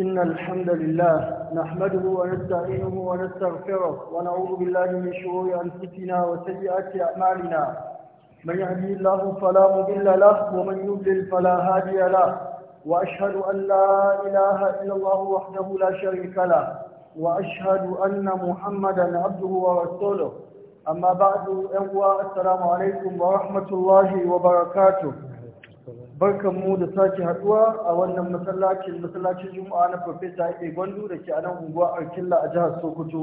إن الحمد لله نحمده ونستعينه ونستغفره ونعوذ بالله من شرور أنفسنا وسيئات أعمالنا من يهدي الله فلا مضل له ومن يضلل فلا هادي له وأشهد أن لا إله إلا الله وحده لا شريك له وأشهد أن محمدا عبده ورسوله أما بعد أهوى السلام عليكم ورحمة الله وبركاته barkan mu da sake haduwa a wannan masallacin masallacin juma'a na profesa Ibe Gwandu da ke a nan unguwa Arkilla a jihar Sokoto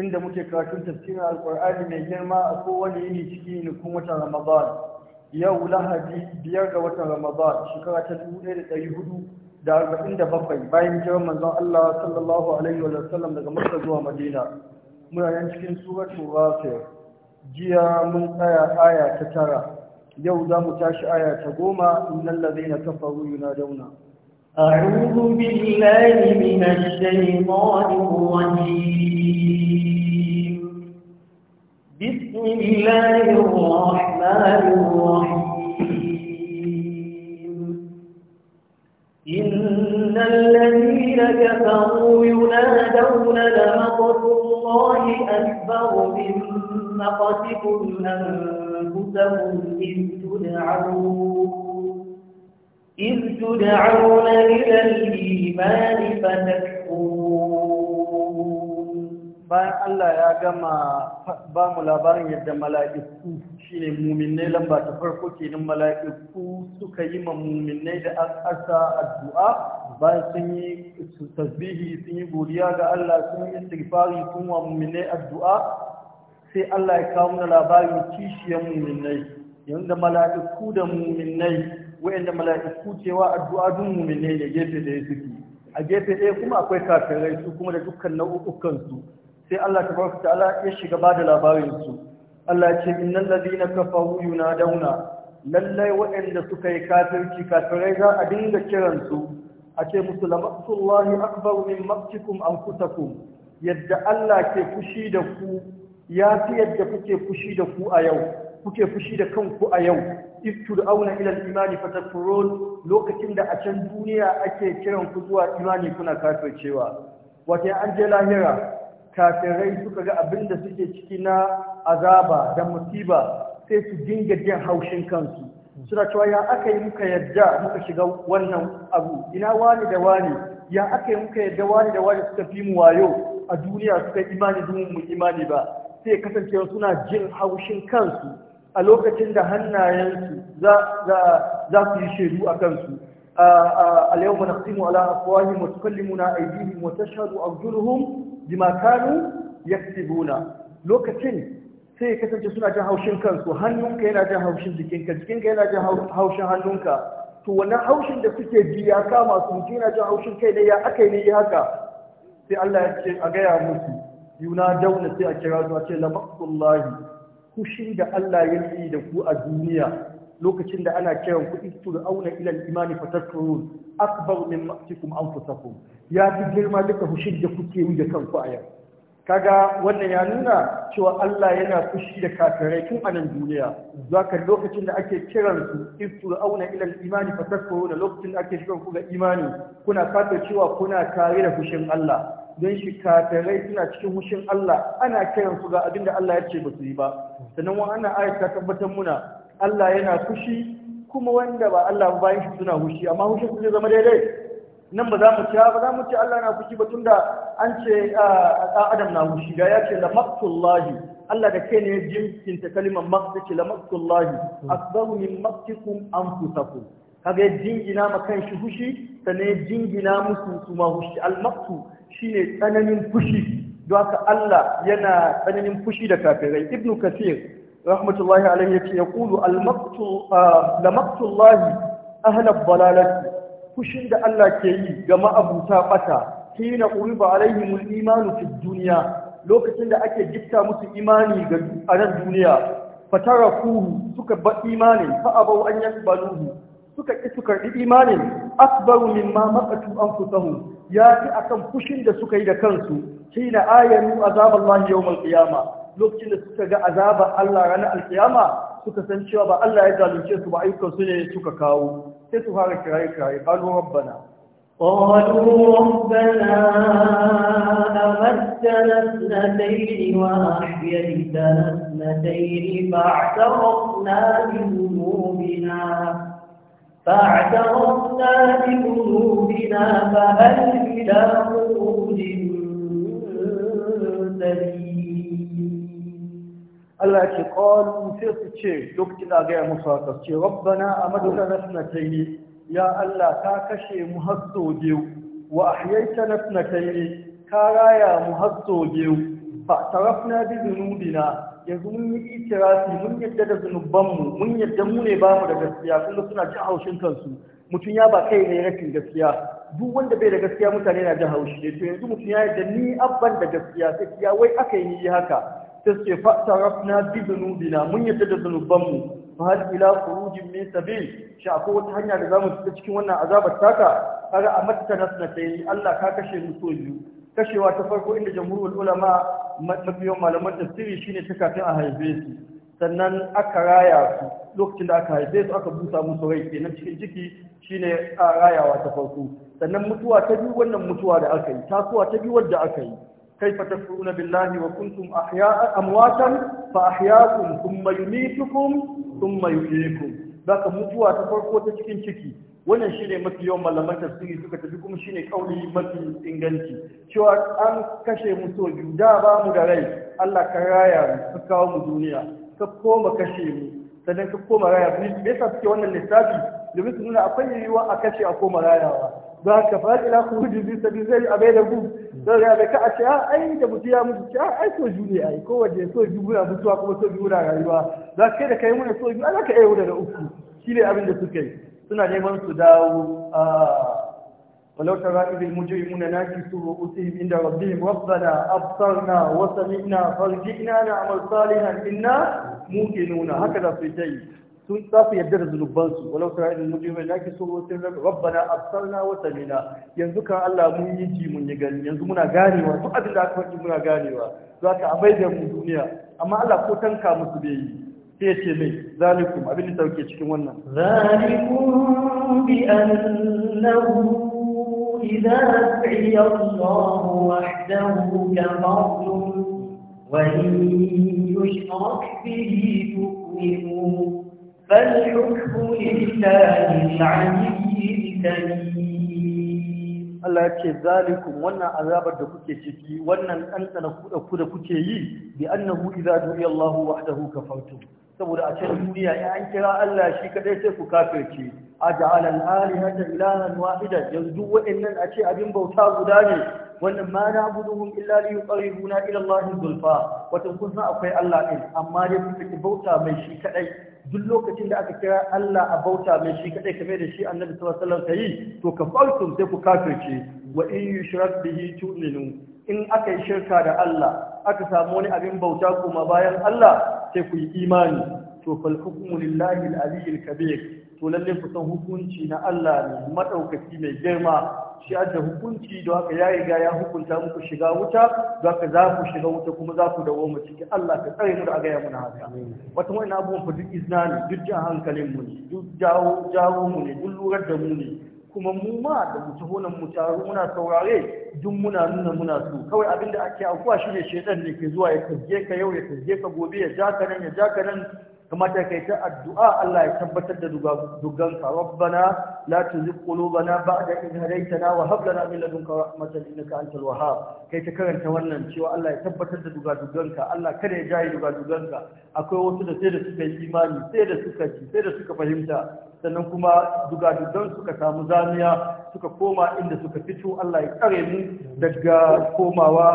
inda muke karatun tafsirin Alƙur'ani mai girma a kowane yini cikin kun watan Ramadan yau Lahadi biyar ga watan Ramadan shekara ta dubu ɗaya da ɗari hudu da arba'in da bakwai bayan jiran manzon Allah sallallahu alaihi wa sallam daga Makka zuwa Madina muna yan cikin suratul Ghafir jiya mun tsaya aya ta tara يو دام تاش آية تقوما إن الذين كفروا ينادون أعوذ بالله من الشيطان الرجيم بسم الله الرحمن الرحيم إن الذين كفروا ينادون لمقت الله أكبر من مقتكم أنفسكم أنفسهم إذ تدعون إذ تدعون إلى الإيمان فتكفرون bayan Allah ya gama ba mu labarin yadda mala'iku shine muminai lamba ta farko kenan mala'iku suka yi ma muminai da asa addu'a bayan sun yi tasbihi sun yi godiya ga Allah sun yi istighfari sun wa muminai addu'a sai Allah ya kawo mana labarin kishiyar muminai yanzu da mala'iku da muminai wayanda mala'iku cewa addu'a dun muminai ne gefe da yake a gefe ɗaya kuma akwai kafirai su kuma da dukkan nau'ukan su sai Allah tabaraka ta'ala ya shiga ba da labarin su Allah ya ce innal ladina kafaru yunaduna lallai wayanda suka yi kafirci kafirai za a dinga kiran su a ce musu lamaqtullahi akbar min maqtikum anfusakum yadda Allah ke fushi da ku ya fi yadda kuke fushi da ku a yau kuke fushi da kanku a yau iftu da auna ilal imani fatakfurun lokacin da a can duniya ake kiran ku zuwa imani kuna kafircewa wata an je lahira kafirai suka ga abin da suke ciki na azaba da musiba sai su dinga jin haushin kansu suna cewa ya aka yi muka yadda muka shiga wannan abu ina wani da wani ya aka yi muka yadda wani da wani suka fi mu wayo a duniya suka imani dumin mu imani ba sai kasance suna jin haushin kansu a lokacin da hannayensu za su yi shaidu a kansu yau mana simu ala afwahihim wa tukallimuna aydihim wa tashhadu arjuluhum bima kanu yaktubuna lokacin sai kasance suna jin haushin kansu hannunka yana jin haushin jikinka jikinka yana jin haushin hannunka to wannan haushin da suke ji ya kama su mutum yana jin haushin kai ne ya aka yi ne haka sai Allah ya ce a gaya musu yuna dauna sai a kira su a ce lamaksullahi kushin da Allah ya yi da ku a duniya lokacin da ana kiran ku istu da auna ilal imani fatakkurun akbar min ma'tikum anfusakum ya fi girma duka kushin da kuke yi da kanku a yau kaga wannan ya nuna cewa Allah yana fushi da kafirai tun a nan duniya zaka lokacin da ake kiran su istu auna ila imani fatakkuruna lokacin da ake kiran ku ga imani kuna fata cewa kuna tare da fushin Allah don shi kafirai suna cikin hushin Allah ana kiran su ga abin da Allah ya ce ba su yi ba sannan wannan ayat ta tabbatar muna Allah yana fushi kuma wanda ba Allah ba bayan shi suna hushi amma hushin su zai zama daidai nan ba za mu ci ba za mu ci Allah na fushi ba tunda an ce a Adam na hushi da ya ce la maqtullahi Allah da kai ne jinkinta kalimar maqtu la maqtullahi akbaru min maqtikum anfusakum kaga jingina ma kan shi hushi sannan jingina musu su ma hushi al maqtu shine tsananin fushi don haka Allah yana tsananin fushi da kafirai ibnu kasir rahmatullahi alaihi yace yaqulu al-maqtu ah, la maqtullahi ahla dalalati fushin da Allah ke yi ga ma'abuta bata hina uriba alaihim al-iman fi dunya lokacin da ake gifta musu imani ga a duniya kuhu suka ba imani fa abau an yaqbaluhu suka ƙi su karɓi imanin asbaru mimma an anfusahum ya fi kan fushin da suka yi da kansu azabar ayanu yau yawmal ƙiyama lokacin da suka ga azabar Allah ranar alkiyama suka san cewa ba Allah ya zalunce su ba ayyukan su ne suka kawo sai su fara kiraye kiraye qalu rabbana qalu rabbana amatna sanatayn wa ahyaytana sanatayn fa'tarafna فاعترفنا بذنوبنا فهل إلى خروج Allah ce ƙwallon sai su ce duk kina ga musu haka ce rabbana amadna nasnatayn ya Allah ka kashe mu hasso biyu wa ahyaytana nasnatayn ka raya mu hasso biyu fa'tarafna bi dhunubina yanzu mun yi itirafi mun yadda da zunubanmu mun yadda mu ne bamu da gaskiya kuma suna jin haushin kansu mutum ya ba kai ne rashin gaskiya duk wanda bai da gaskiya mutane na jin haushi ne to yanzu mutum ya yadda ni abban da gaskiya sai ya wai aka yi ni haka sai ce fa'tarafna bi dhunubina mun yadda da zunubanmu fahad ila khurujin min sabil shi akwai wata hanya da zamu fita cikin wannan azabar taka kaga a matta nasna tayi Allah ka kashe mu so biyu kashewa ta farko inda jamhurul ulama mafiyan malaman tafsiri shine ta kafin a haife su sannan aka raya su lokacin da aka haife su aka busa musu rai kenan cikin ciki shine a rayawa ta farko sannan mutuwa ta biyu wannan mutuwa da aka yi tasuwa ta biyu wadda aka yi kaifa tafuruna billahi wa kuntum ahya'a amwatan fa ahyaakum thumma yumitukum thumma yuhyikum zaka mutuwa ta farko ta cikin ciki wannan shi ne mafi yawan malaman tafsiri suka tafi kuma shi ne kauli mafi inganci cewa an kashe mu so biyu da ba mu da rai Allah ka raya ka kawo mu duniya ka koma kashe mu sannan ka koma raya mu me yasa suke wannan lissafi domin su nuna akwai yiwuwa a kashe a koma rayawa za ka fara ila ku hudu biyu sabi zai abai da ku don ya da ka a ce ah, ai da mutu ya mutu ce ah, ai so ju ne ai ko waje so ju muna mutuwa kuma so ju muna rayuwa za ka kai da kai muna so ju ala ka iya wuda da uku shi ne abin da suka yi suna neman su dawo a ولو ترى إذ المجرمون na, رؤوسهم عند ربهم ربنا أبصرنا وسمعنا فارجئنا نعمل صالحا إنا موقنون هكذا في جاي sun tsafi yadda da zunubansu walau tara da mujrimai da ake so na, rabbana na, wa samina yanzu kan Allah mun yi ji mun yi gani yanzu muna ganewa duk abin da aka faɗi muna ganewa za ka amai da mu duniya amma Allah ko tanka musu bai yi sai ya ce mai zalikum abin da sauke cikin wannan zalikum bi annahu idza sa'iya Allah wahdahu kafartum wa in yushrak bihi tu'minu فالحكم لله العلي الكبير Allah ya ce zalikum wannan azabar da kuke ciki wannan ɗanɗana ku da kuke yi bi annahu idza du'iya Allah wahdahu kafartum saboda a can duniya in an kira Allah shi kadai sai ku kafirce aj'ala al-alihata ilahan wahida yanzu waannan a ce abin bauta guda ne wannan ma na buduhum illa li yuqarribuna ila Allah zulfa wato kun san akwai Allah din amma dai su take bauta mai shi kadai duk lokacin da aka kira Allah a bauta mai shi kadai kamar da shi Annabi sallallahu alaihi wasallam ta yi to kafartum sai ku kafirce wa in yushrak bihi tu'minu in aka yi shirka da Allah aka samu wani abin bauta kuma bayan Allah sai ku yi imani to fal hukmu lillahi al-aliyyil kabir to lalle ku san hukunci na Allah ne madaukaki mai girma shi adda hukunci da haka ya riga ya hukunta muku shiga wuta da ka za ku shiga wuta kuma za ku dawo mu ciki Allah ka tsare mu da agaya mu na haka wata wani abubuwan fa duk izna duk jan hankalin mu ne duk jawo jawo mu ne duk lurar da mu ne kuma mu ma da mu taho nan mu taru muna saurare duk muna nuna muna su. kawai abin da ake aukuwa shi ne shaitan da ke zuwa ya kaje ka yau ya kaje ka gobe ya ja ka nan ya ja ka nan kamata kai ta addu'a Allah ya tabbatar da ka rabbana la tuzigh qulubana ba'da idh hadaytana wa hab lana min ladunka rahmatan innaka antal wahhab kai ta karanta wannan cewa Allah ya tabbatar da ka Allah kada ya jaye ka akwai wasu da sai da suka yi imani sai da suka ji sai da suka fahimta sannan kuma dugadugan suka samu zamiya suka koma inda suka fito Allah ya tsare mu daga komawa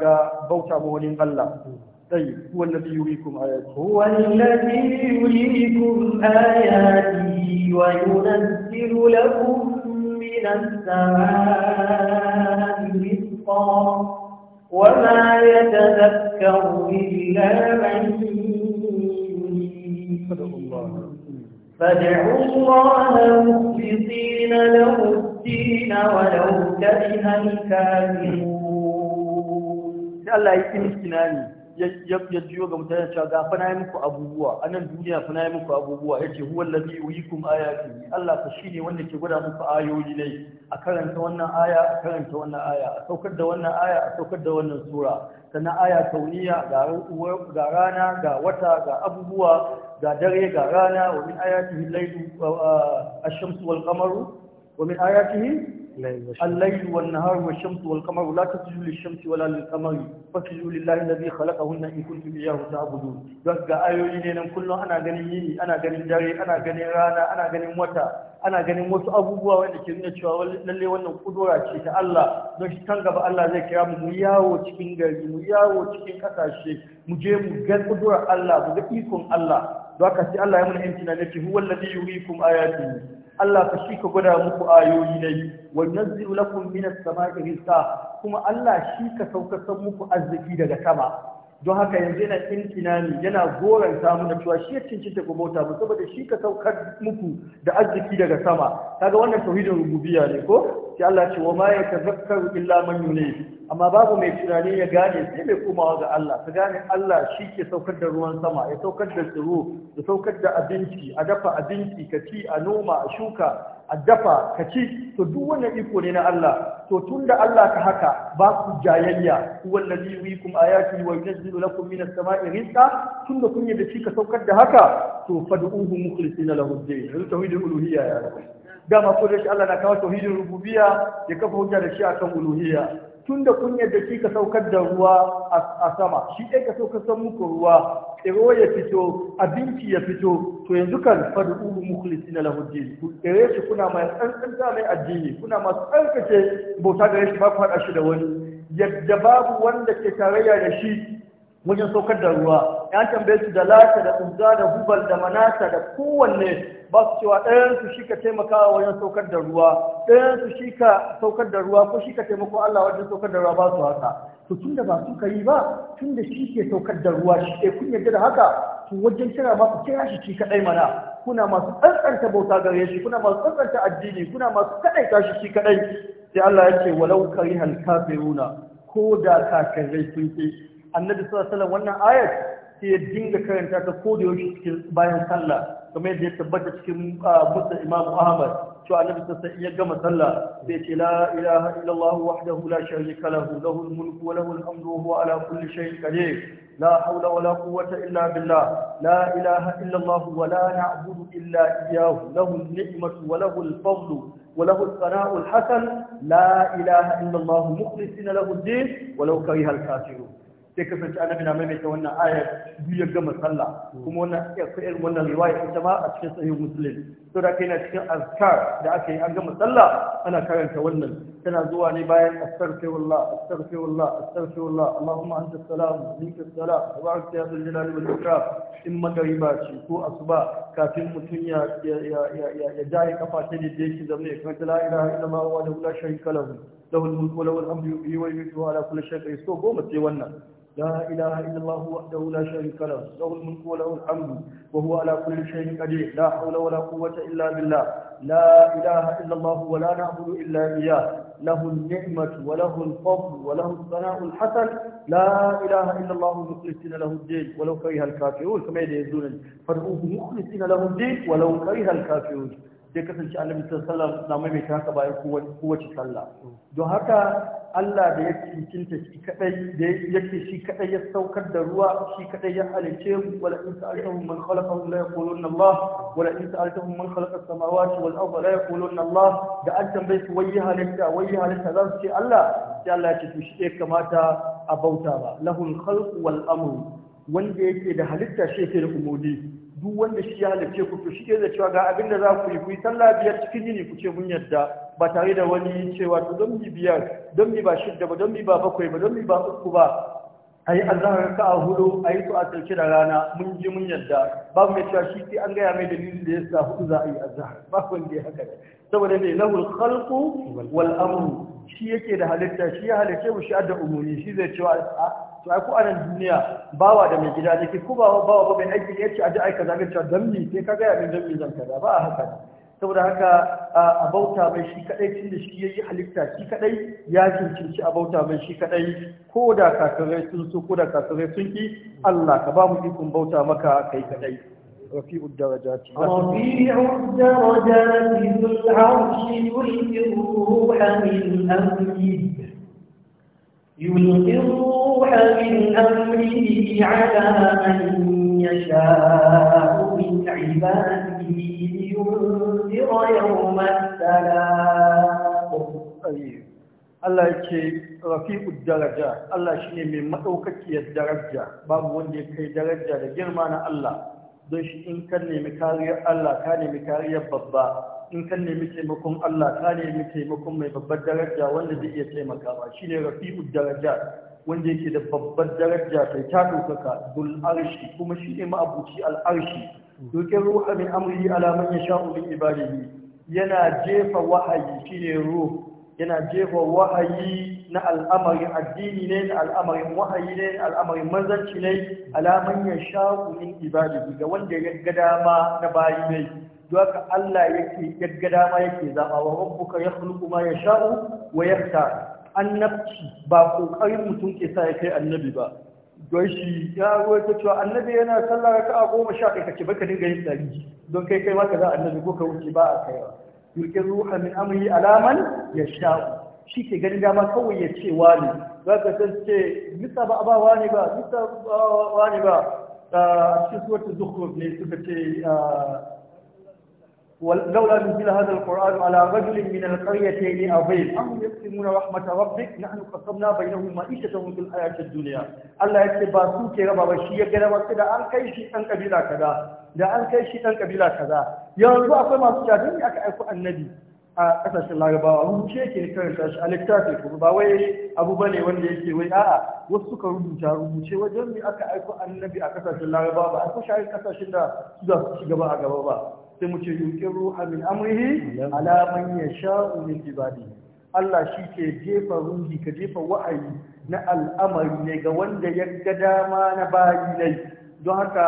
ga bauta ma wani Allah طيب هو الذي يريكم آياته هو الذي يريكم آياته وينزل لكم من السماء رزقا وما يتذكر إلا من فادعوا الله مخلصين له الدين ولو كره الكافرون الله يكون استناني ya jiyo ga mutane cewa ga fa yi muku abubuwa a nan duniya fa yi muku abubuwa yace huwa allazi yuhyikum ayati Allah fa shine wanda ke gwada muku ayoyi ne a karanta wannan aya a karanta wannan aya a saukar da wannan aya a saukar da wannan sura sannan aya kauniya ga rana ga wata ga abubuwa ga dare ga rana wa min ayatihi al-laylu ash-shamsu wal-qamaru wa min ayatihi الليل والنهار والشمس والقمر لا تسجدوا للشمس ولا للقمر فاسجدوا لله الذي خلقهن ان كنتم اياه تعبدون ga ayoyi ne nan kullum ana ganin yini ana ganin dare ana ganin rana ana ganin wata ana ganin wasu abubuwa wanda ke nuna cewa lalle wannan kudura ce ta Allah don shi kan gaba Allah zai kira mu yawo cikin gari mu yawo cikin kasashe mu je mu ga kudura Allah mu ga ikon Allah don haka sai Allah ya muna yanci na nake huwa alladhi yuriikum ayati Allah ka shi ka gwada muku ayoyi dai wa nazzilu lakum minas samaa'i rizqa kuma Allah shi ka saukar muku arziki daga sama don haka yanzu yana kinkina ne yana goran samu da cewa shi ya cincinta ga mota ba saboda shi ka saukar muku da arziki daga sama kaga wannan tauhidin rububiyya ne ko sai Allah ce wa ma yatazakkaru illa man yunib amma babu mai tunani ya gane sai mai komawa ga Allah ka gane Allah shi ke saukar da ruwan sama ya saukar da tsiro ya saukar da abinci a dafa abinci ka ci a noma a shuka a dafa ka ci to duk wannan iko ne na Allah to tun da Allah ka haka ba ku jayayya huwa allazi yuwikum ayati wa yunzilu lakum minas samai rizqa tunda kun da shi ka saukar da haka to fad'uhu mukhlisina lahu ad ta tauhidul uluhiyya ya rabbi dama ko da shi Allah na kawo tauhidin rububiyya ya kafa hujja da shi akan uluhiyya tun da kun yadda shi ka saukar da ruwa a sama shi ɗai ka saukar san muku ruwa tsiro ya fito abinci ya fito to yanzu kan fadu ulu mukhlisi na lahudin ku kuna mai tsantsanta mai addini kuna masu tsarkace bauta gare shi ba ku shi da wani yadda babu wanda ke tarayya da shi wajen saukar da ruwa ya tambaye su da lata da uzza da hubal da manasa da kowanne ba su cewa ɗayan su shi ka taimakawa wajen saukar da ruwa ɗayan su shi ka saukar da ruwa ko shi ka taimako Allah wajen saukar da ruwa ba su haka to tun da ba su ka yi ba tun da shi ke saukar da ruwa shi ke kun yarda da haka to wajen kira ba su kira shi ci kaɗai mana kuna masu tsantsanta bauta gare shi kuna masu tsantsanta addini kuna masu kaɗai tashi shi kaɗai sai Allah ya ce walau karihal kafiruna ko da kafirai sun ce annabi sallallahu alaihi wannan ayat sai ya dinga karanta ta ko da yaushe cikin bayan sallah kamar yadda ya tabbata cikin ah, musa imam ahmad cewa annabi sallallahu alaihi ya gama sallah sai ya ce la ilaha illallah wahdahu la sharika lahu lahul mulku wa lahul hamdu wa huwa ala kulli shay'in qadir لا حول ولا La ilaha بالله لا إله إلا الله ولا نعبد إلا إياه له النعمة وله الفضل وله الثناء الحسن لا إله إلا الله مخلصين له الدين ولو كره الكافرون sai kasance annabi na maimaita wannan ayar biyu ya gama sallah kuma wannan irin wannan riwaya ita ma a cikin sahih muslim to da kai na cikin azkar da aka yi an gama sallah ana karanta wannan tana zuwa ne bayan astaghfirullah astaghfirullah astaghfirullah allahumma anta salam minka salam tabarak ya dhul jalali wal ikram in magariba ce ko asuba kafin mutum ya ya ya ya jaye kafa ta da yake zama ya karanta la ilaha illallah wa la sharika lahu lahu al-mulku wa lahu al-hamdu yuhyi wa yumiitu ala kulli shay'in so goma sai wannan لا إله إلا الله وحده لا شريك له له الملك وله الحمد وهو على كل شيء قدير لا حول ولا قوة إلا بالله لا إله إلا الله ولا نعبد إلا إياه له النعمة وله الفضل وله الثناء الحسن لا إله إلا الله مخلصين له الدين ولو كره الكافرون كما يدعون فادعوه مخلصين له الدين ولو كره الكافرون zai kasance annabi sallallahu na maimaita haka bayan kowace sallah mm. don haka Allah da ya cincinta shi kadai da yake shi kadai ya saukar da ruwa shi kadai ya halice mu wala in sa'altahum man khalaqa la yaquluna Allah wala in sa'altahum man khalaqa as-samawati wal arda la yaquluna Allah da an tambaye su wayyi halitta wayyi halitta za su ce Allah sai Allah ya ce to shi kamata a bauta ba lahul khalqu wal amru wanda yake da halitta shi yake da umudi duk wanda shi ya halarce ku to shi ke da cewa ga abin da za ku yi kuyi sallah biyar cikin yini ku ce mun yadda ba tare da wani cewa to don mi biyar don mi ba shidda ba don mi ba bakwai ba don mi ba uku ba a yi azahar ka a hudu a yi su a tsarki da rana mun ji mun yadda babu mai cewa shi sai an gaya mai dalilin da ya sa hudu za a yi azahar ba wanda ya haka saboda ne lahul khalqu wal amru shi yake da halitta shi ya halitta mu shi adda umuri shi zai cewa a to ai ku anan duniya bawa da mai gida yake ku bawa bawa ba mai aiki yace aje aika kaza cewa dan mi sai kaga ya min dan mi zan kaza ba haka saboda haka a bauta mai shi kadai tunda shi yayi halitta shi kadai ya cincinci a bauta mai shi kadai ko da kakarai sun so ko da kakarai sun ki Allah ka ba mu ikon bauta maka kai kadai رفيع الدرجات رفيع الدرجات ذو العرش يلقي الروح من أمره يلقي الروح من أمره على من يشاء من عباده لينذر يوم التلاق Allah طيب. الله ce rafi'ud daraja Allah shine mai madaukakiyar daraja babu wanda ya kai daraja da girma na Allah don shi in kan nemi kariyar Allah ka nemi kariyar babba in kan nemi taimakon Allah ka nemi taimakon mai babbar daraja wanda zai iya taimaka ba shine rafi'ud daraja wanda yake da babbar daraja sai ta dokaka dul arshi kuma shi ne ma'abuci al arshi dokin ruha min amri ala man yasha'u min ibadihi yana jefa wahayi shine ruh yana jefa wahayi na al'amarin addini ne na al'amarin wahayi ne na al'amarin manzanci ne alaman ya shaku min ga wanda ya ga dama na bayi ne don Allah yake ya dama yake zaba wa rabbuka yakhluqu ma yasha'u wa yakhtar annabci ba kokarin mutum ke sa ya kai annabi ba don shi ya ta cewa annabi yana sallah raka'a goma sha kai baka dinga yin tsari don kai kai ma ka za annabi ko ka wuce ba a kaiwa yurkin ruha min amri alaman ya sha'u shi ke gani dama kawai ya ce wani za ka san ce nisa ba ba wani ba nisa ba wani ba a cikin suwar ta ne suka ce ولولا نزل هذا القرآن على رجل من القريتين عظيم أهم يقسمون رحمة ربك نحن قسمنا بينهم معيشتهم في الحياة الدنيا الله يكتب سوك ربا وشي يقرأ وكذا أن كي شيء أن قبيلة كذا da an kai shi ɗan ƙabila kaza yanzu akwai masu cewa ne aka aiko annabi a ƙasashen larabawa rubuce ke karanta shi a littafi kuma ba wai abu ba ne wanda yake wai a'a wasu suka rubuta rubuce wajen me aka aiko annabi a ƙasashen larabawa ba a ko shi ƙasashen da su za su ci gaba a gaba ba sai mu ce yuqiru min amrihi ala man yasha'u min ibadi Allah shi ke jefa ruhi ka jefa wa'ayi na al'amari ne ga wanda ya ga dama na bayi nai. don haka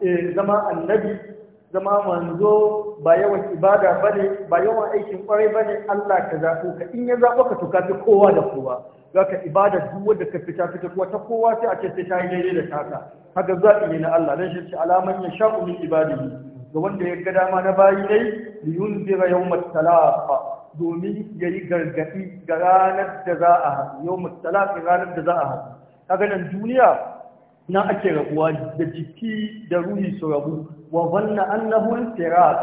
eh, zama annabi zama manzo ba yawan ibada ne, ba yawan aikin kwarai bane Allah ka zaɓo ka in ya zaɓo ka to ka fi kowa da kowa ka ibada duk wanda ka fita fita kuwa ta kowa sai a ce sai ta yi daidai da taka haka zaɓi ne na Allah dan shi ce alaman ya sha'u min ibadihi ga wanda ya ga dama na bayi dai li yunzira yawmat talaq domin yayi gargadi ga ranar da za a haɗu Yau talaq ranar da za a haɗu kaga duniya na ake rabuwa da jiki da ruhi su rabu wa zanna annahu firak.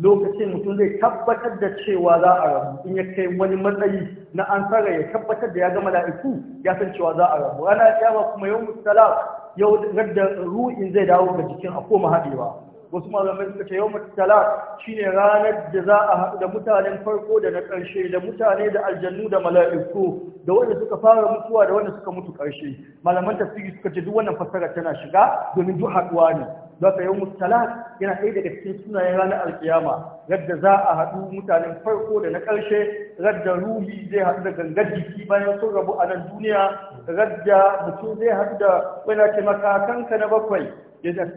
lokacin mutum zai tabbatar da cewa za a rabu in ya kai wani matsayi na an tsara ya tabbatar da ya ga mala'iku ya san cewa za a rabu rana kiyama kuma yau talaq yau da ruhin zai dawo ga jikin a koma haɗewa wasu malamai suka ce yawmut talaq shine ranar da za a haɗu da mutanen farko da na ƙarshe da mutane da aljannu da mala'iku da wanda suka fara mutuwa da wanda suka mutu ƙarshe malaman tafsiri suka ce duk wannan fassara tana shiga domin duk haɗuwa ne don ka yawmut talaq yana ɗaya daga cikin sunayen ranar alkiyama radda za a haɗu mutanen farko da na ƙarshe radda ruhi zai haɗu da gangar jiki bayan sun rabu a nan duniya radda mutum zai haɗu da wani ake makakanka na bakwai ya da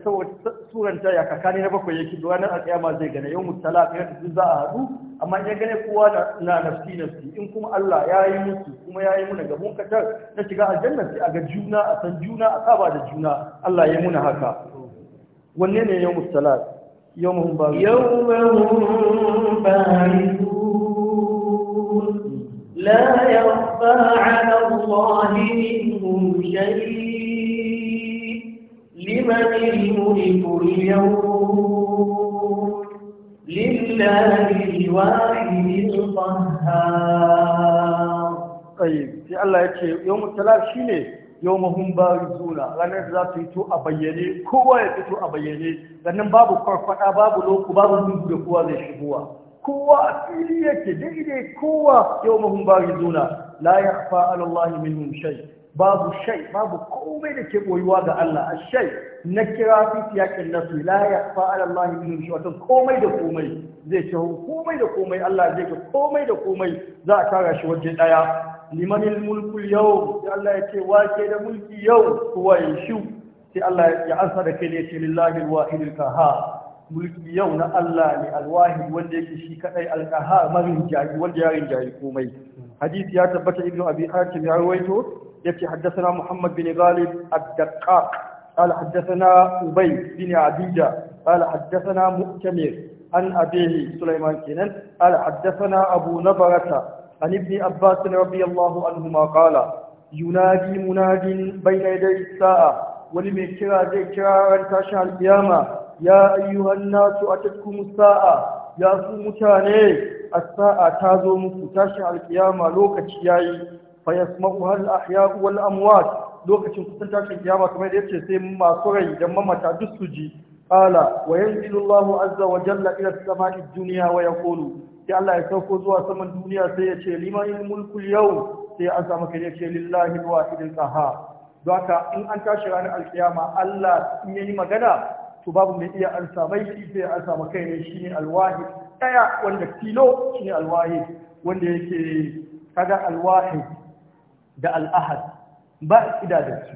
suranta ya kakani na bakwai yake da ranar alƙiyama zai gane yau mutala a ƙirar za a haɗu amma ya gane kowa na nafsi nafsi in kuma Allah ya yi musu kuma ya yi muna gabon munkatar na shiga aljanna sai a ga juna a san juna a saba da juna Allah ya yi muna haka wanne ne yau mutala yau mahun ba yau mahun ba لا يخفى على الله من الملك اليوم لله الواحد القهار طيب في الله يكي يوم الثلاث شيني يوم هم بارزونا لأن الزاتي تو أبيني كوة يتو أبيني لأن بابو فرفتا بابو لوك بابو نمو لكوة ذي شبوة كوة فيلية دي دي كوة يوم هم بارزونا لا يخفى على الله منهم شيء babu shai babu komai da ke boyuwa ga Allah a shai na kira fi siyakin nasu la ya fa Allah min shi wato komai da komai zai ce komai da komai Allah zai ce komai da komai za a tara shi waje daya limanil mulku yau ya Allah ya ce wake da mulki yau kuwa ya shu sai Allah ya ansa da kai ne ce lillahi alwahidil qahhar mulki yau na Allah ne alwahid wanda yake shi kadai alqahar marin jari, wanda ya jari komai hadisi ya tabbata ibnu abi hatim ya rawaito يتي حدثنا محمد بن غالب الدقاق قال حدثنا أبي بن عبيدة قال حدثنا مؤتمر عن أبيه سليمان كنان قال حدثنا أبو نبرة عن ابن عباس رضي الله عنهما قال ينادي مناد بين يدي الساعة ولمن كرا زي كرا تاشع القيامة يا أيها الناس أتتكم الساعة يا سو متاني الساعة تازو مكو تاشع القيامة لوكا تشياي fa yasma'uha al-ahya wal amwat lokacin kusan tashin kiyama kamar da yace sai masu rai da mamata duk su ji qala wa yanzilu Allah azza wa jalla ila as-sama'i dunya wa yaqulu sai Allah ya sauko zuwa saman duniya sai ya ce liman mulku al-yawm sai an azama kai ya lillahi al-wahid al-qahhar in an tashi ranar alkiyama Allah in yayi magana to babu mai iya ansa mai shi sai ya ansa maka ne shine al-wahid daya wanda kilo shine al-wahid wanda yake kaga al-wahid da al'ahad ba ida da su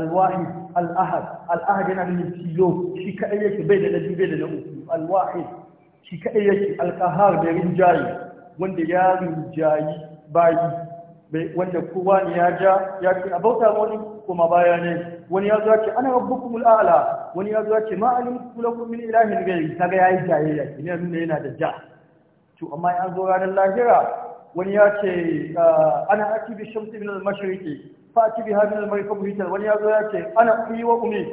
alwahid al'ahad al'ahad yana nuna tilo shi kaɗai yake bai da nabi bai da na uku alwahid shi kaɗai yake alƙahar da rinjaye wanda ya rinjayi bayi wanda kowa ne ya ja ya ce a bauta wani kuma baya ne wani ya zo ce ana rabbukum al'ala wani ya zo ce ma alimtu lakum min ilahin ghayri kaga yayi jayayya kina nuna yana da ja to amma an zo ranar lahira wani ya ce ah, ana aki bi shamsi min al-mashriqi fa aki bi hadin al wani ya zo ya ce ana fi wa umi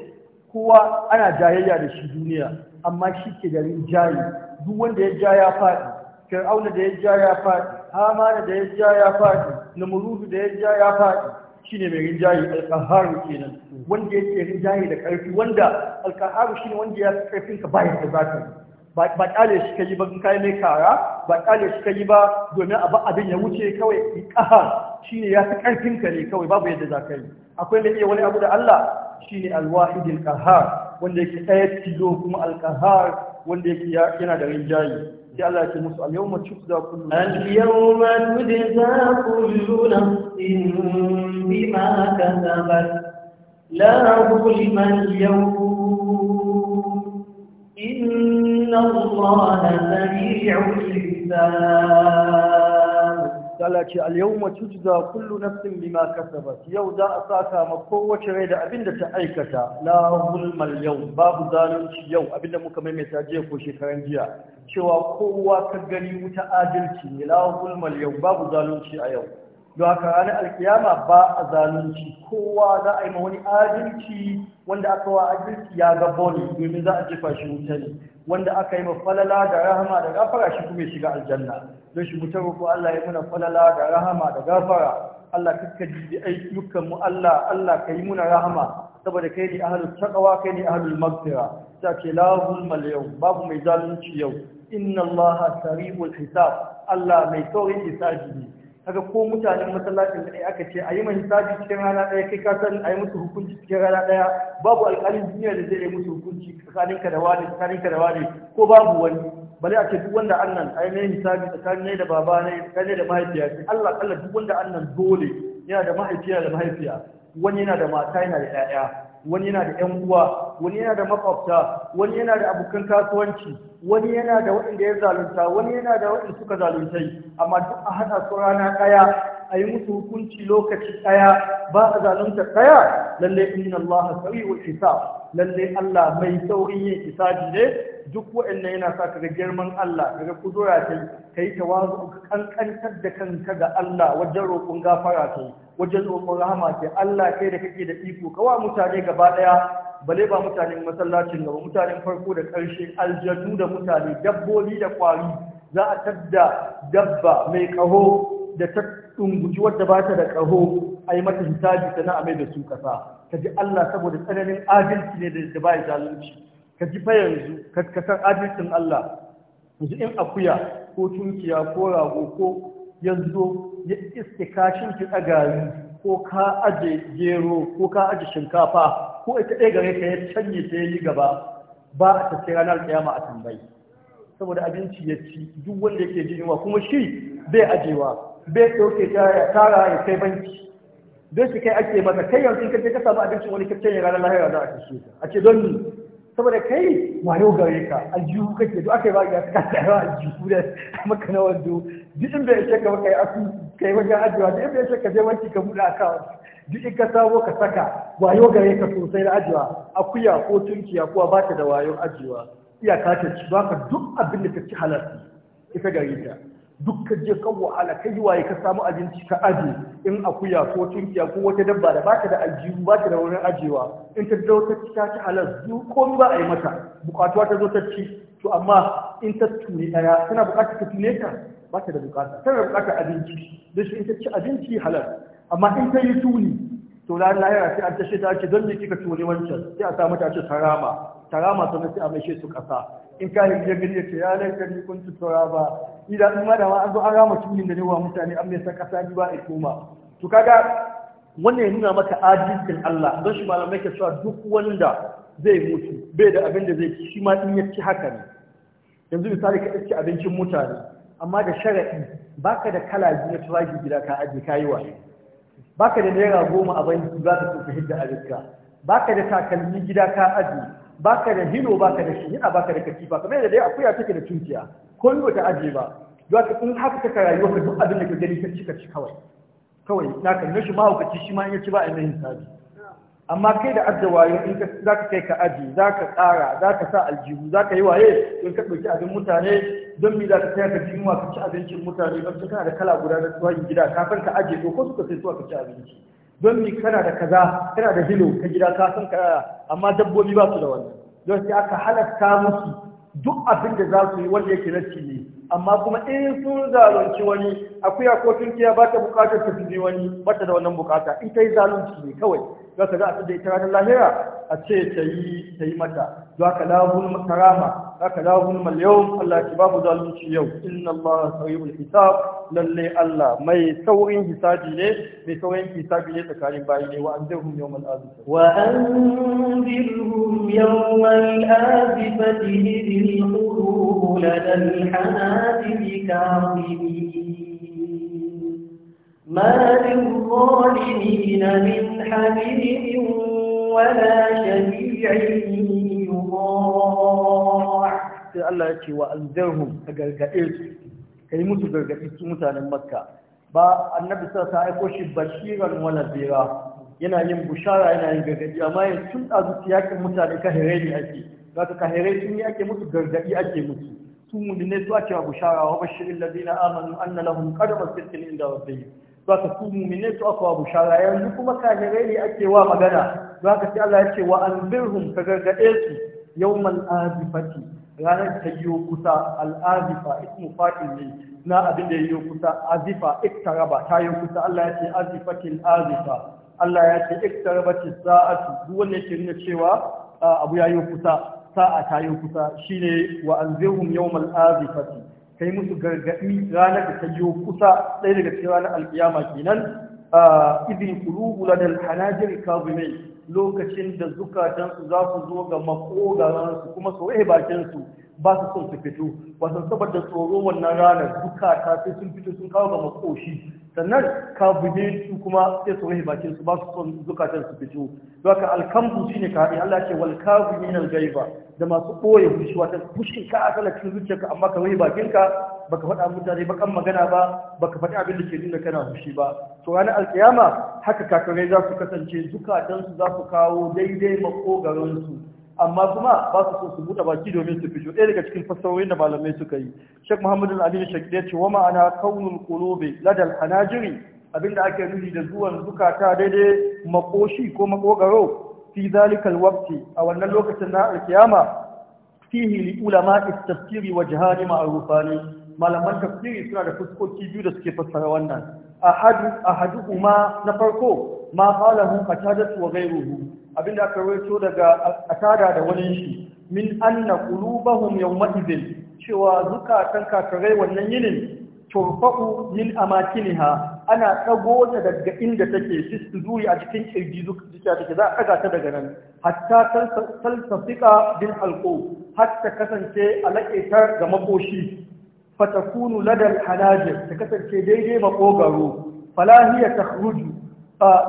kowa ana jayayya da shi duniya amma shi ke da rinjaye duk wanda ya ja ya faɗi fir'auna da ya ja ya faɗi hamana da ya ja ya faɗi namurudu da ya ja ya faɗi shine mai rinjayi alkaharu kenan wanda yake rinjayi da ƙarfi wanda alkaharu shine wanda ya fi ƙarfinka bayan da za yi ba kyale shi ka yi ba kai mai kara ba kyale shi ka yi ba domin abu abin ya wuce kawai ƙahar shi ne ya fi ƙarfin ka ne kawai babu yadda za ka yi akwai mai iya wani abu da Allah shi ne alwahidil ƙahar wanda yake ɗaya tilo kuma alƙahar wanda yake yana da rinjayi. sai Allah ya ce musu al-yawma tujza kullu al-yawma tujza kullu nafsin bima kasabat la zulima al-yawm إن الله سريع الحساب talace kullu nafsin bima kasabat yau za a saka ma kowace rai da abinda ta aikata la zulmal yau babu zalunci yau abinda muka maimaita jiya ko shekaran jiya cewa kowa ka gani wuta adalci ne la zulmal yau babu zalunci a yau Dawaka haka ranar alkiyama ba a zalunci kowa za a yi ma wani adalci wanda aka wa adalci ya ga bori domin za a jefa shi wuta ne wanda aka yi ma falala da rahama da gafara shi kuma shiga aljanna don shi mutar ko Allah ya muna falala da rahama da gafara Allah kakka ji ayyukan mu Allah Allah ka yi muna rahama saboda kai ne ahlul taqwa kai ne ahlul maghfira ta ce la zulmal yau babu mai zalunci yau inna Allah sari'ul hisab Allah mai saurin hisabi ne kaga ko mutanen masallacin da ɗaya aka ce a yi mai hisabi cikin rana ɗaya kai ka san a yi musu hukunci cikin rana ɗaya babu alƙalin duniya da zai yi musu hukunci tsakanin ka da wani ka da wani ko babu wani bale a ce duk wanda annan a yi mai hisabi tsakanin da baba ne tsakanin da mahaifiya ce Allah kalla duk wanda annan dole yana da mahaifiya da mahaifiya wani yana da mata yana da ɗaya-ɗaya. wani yana da 'yan uwa wani yana da makwabta wani yana da abokan kasuwanci wani yana da waɗanda ya zalunta wani yana da waɗanda suka zaluntai amma duk a haɗa su rana ɗaya a yi musu hukunci lokaci ɗaya ba a zalunta ɗaya lallai inna Allah sauri wa hisab lallai Allah mai saurin yin isa ne duk waɗannan yana sa ka kaga girman Allah kaga kudura ta ta tawazu ka kankantar da kanka ga Allah wajen roƙon gafara kai wajen roƙon rahama kai Allah kai da kake da iko kawa mutane gaba daya bale ba mutanen masallacin gaba mutanen farko da ƙarshe aljanu da mutane dabbobi da kwari za a tadda dabba mai kaho da ta dunguji wadda ba ta da kaho ai mata hisabi sana'a mai da su kasa kaji Allah saboda tsananin adalci ne da ba ya zalunci ka ji fa yanzu ka san adalcin Allah yanzu in akuya ko tunkiya ko rago ko yanzu ya iske kashin ki tsagari ko ka aje gero ko ka aje shinkafa ko ita ɗaya gare ka ya canye ta yi gaba ba a tafi ranar kiyama a tambayi saboda abinci ya ci duk wanda yake jin kuma shi bai ajewa bai ɗauke tara ya kai banki don shi kai ake mata kai yanzu ka je ka samu abincin wani kacce ya ranar lahira za a kashe ka a ce don ni saboda kai wayo gare ka aljihu kake duk aka yi baki aka kasa yawa aljihu da maka na wando duk inda ya shaka maka yi asu ka yi wajen ajiyewa duk inda ya shaka je wanki ka buɗe account duk in ka samo ka saka wayo gare ka sosai na ajiyewa akuya ko tunkiya kuwa ba ta da wayo ajiyewa iyaka ta ci ba ka duk abin da ka ci halarci ita gare ta duk je kan wahala kai waye ka samu abinci ka aje in akuya ko tunkiya ko wata dabba da baka da aljihu baka da wurin ajewa in ta zo ta ci ta halar halal duk komai ba a yi mata bukatuwa ta zo ta ci to amma in ta tuni daya tana bukatar ta tune ka ba ta da bukata tana bukatar abinci don shi in ta ci abinci halal amma in ta yi tuni to ranar lahira ce an tashe ta ce don me kika tuni wancan sai a samu ta ce sarama karama ta nasi a maishe su ƙasa in ka yi biyar gari ce ya laifin ni kun tutura ba idan in ma da ma an zo an rama cikin da wa mutane an mai ƙasa ni ba a koma to kaga wannan ya nuna maka adalcin Allah don shi malamai ke cewa duk wanda zai mutu bai da abin da zai ci shi ma in ya ci haka ne yanzu misali ka ɗauki abincin mutane amma da shara'i baka da kala biyu na turagi gida ka aje ka yi waye baka da naira goma a banki za ka tsofi hidda a baka da takalmi gida ka aje baka da hilo baka da shi ina baka da katifa kamar yadda dai akuya take da tunciya ko ni wata aje ba don in haka ka rayuwa ka duk abin da ka gani ka ci ka ci kawai kawai na kan shi ma ci shi ma in ya ci ba a mai hisabi amma kai da adda wayo in ka zaka kai ka aji zaka tsara zaka sa aljihu zaka yi waye in ka dauki abin mutane don me zaka tsaya ka jinwa ka ci abincin mutane ba kana da kala guda da tsohon gida kafin ka aje to ko suka sai ka ci abinci don mi kana da kaza kana da hilo ka gida ka san ka amma dabbobi ba su da wannan don sai aka halatta musu duk abin da za su yi wanda yake rashi ne amma kuma in sun zalunci wani akuya ko tunkiya ba ta bukatar ta fi wani ba ta da wannan bukata in ta yi zalunci ne kawai za ka za a da ita ranar lahira a ce ta yi mata za ka labun karama Aka dawo hulma yau Allah ki babu zalunci yau inna Allah sayyul hisab lalle Allah mai saurin hisabi ne mai saurin hisabi ne tsakanin bayi ne wa anzirhum yawmal azif wa anzirhum yawmal azifati lil qulub ladal hanabi kafirin ma lil zalimin min ولا شفيع يطاع sai Allah ya ce wa anzirhum ka gargaɗe su ka yi musu gargaɗi su mutanen makka ba annabi sa ta aiko shi bashiran wala zira yana yin bushara yana yin gargaɗi amma yin tun ɗazu yakin mutane ka kahirai ne ake za ka kahirai sun yi ake musu gargaɗi ake musu su mumine su ake wa bushara wa bashirin ladina amanu anna lahum qadama sittin inda rabbihim za ka su mumine su aka wa bushara yanzu kuma ka kahirai ne ake wa magana za ka sai Allah ya ce wa anzirhum ka gargaɗe su yawmal azifati ranar ta yi kusa al'azifa ismu faɗin ne na abin da yi kusa azifa iktaraba ta yi kusa Allah ya ce azifatil azifa Allah ya ce iktarabatis sa'atu duk wanda yake nuna cewa abu ya yi kusa sa'a ta yi kusa shine wa anzirhum yawmal azifati kai musu gargadi ranar da ta yi kusa ɗaya daga cikin ranar alkiyama kenan idin kulubu da alhanajir kazimai lokacin da zukatansu za su zo ga makogaransu kuma su bakin bakinsu ba su son su fito wasan saboda tsoro wannan ranar zukata sai sun fito sun kawo ga makoshi sannan kazimai su kuma sai su bakin bakinsu ba su son su fito doka alkambu shine ka hadi Allah ce wal kazimin al-gaiba da masu ɓoye fushi wata fushin ka asalin cikin zuciyarka amma ka bakin bakinka baka faɗa mutane bakan magana ba baka faɗi abin da ke nuna kana fushi ba to ranar alkiyama haka kakarai za su kasance zukatansu za su kawo daidai makogaransu amma kuma ba su so su buɗe baki domin su fito ɗaya daga cikin fassarorin da malamai suka yi shek muhammad al-amin shek ya ce wa ma'ana kaunul qulubi ladal hanajiri abinda ake rini da zuwan zukata daidai makoshi ko makogaro fi zalikal waqti a wannan lokacin na alkiyama fihi li ulama at-tafsiri wajhani ma'rufani malaman tafsiri suna da fuskoki biyu da suke fassara wannan ahadu kuma na farko ma qalahu qatadatu wa ghayruhu abinda aka rawaito daga atada da wani shi min anna qulubahum yawma idin cewa zukatan kakarai wannan yinin turfa'u min amakiniha ana dago ta daga inda take sisuduri a cikin kirji zuciya take za a daga ta daga nan hatta talsafika bin alqu hatta kasance alaƙetar ga makoshi fatakunu ladal halajir ta kasance daidai makogaro falahiyar ta ruju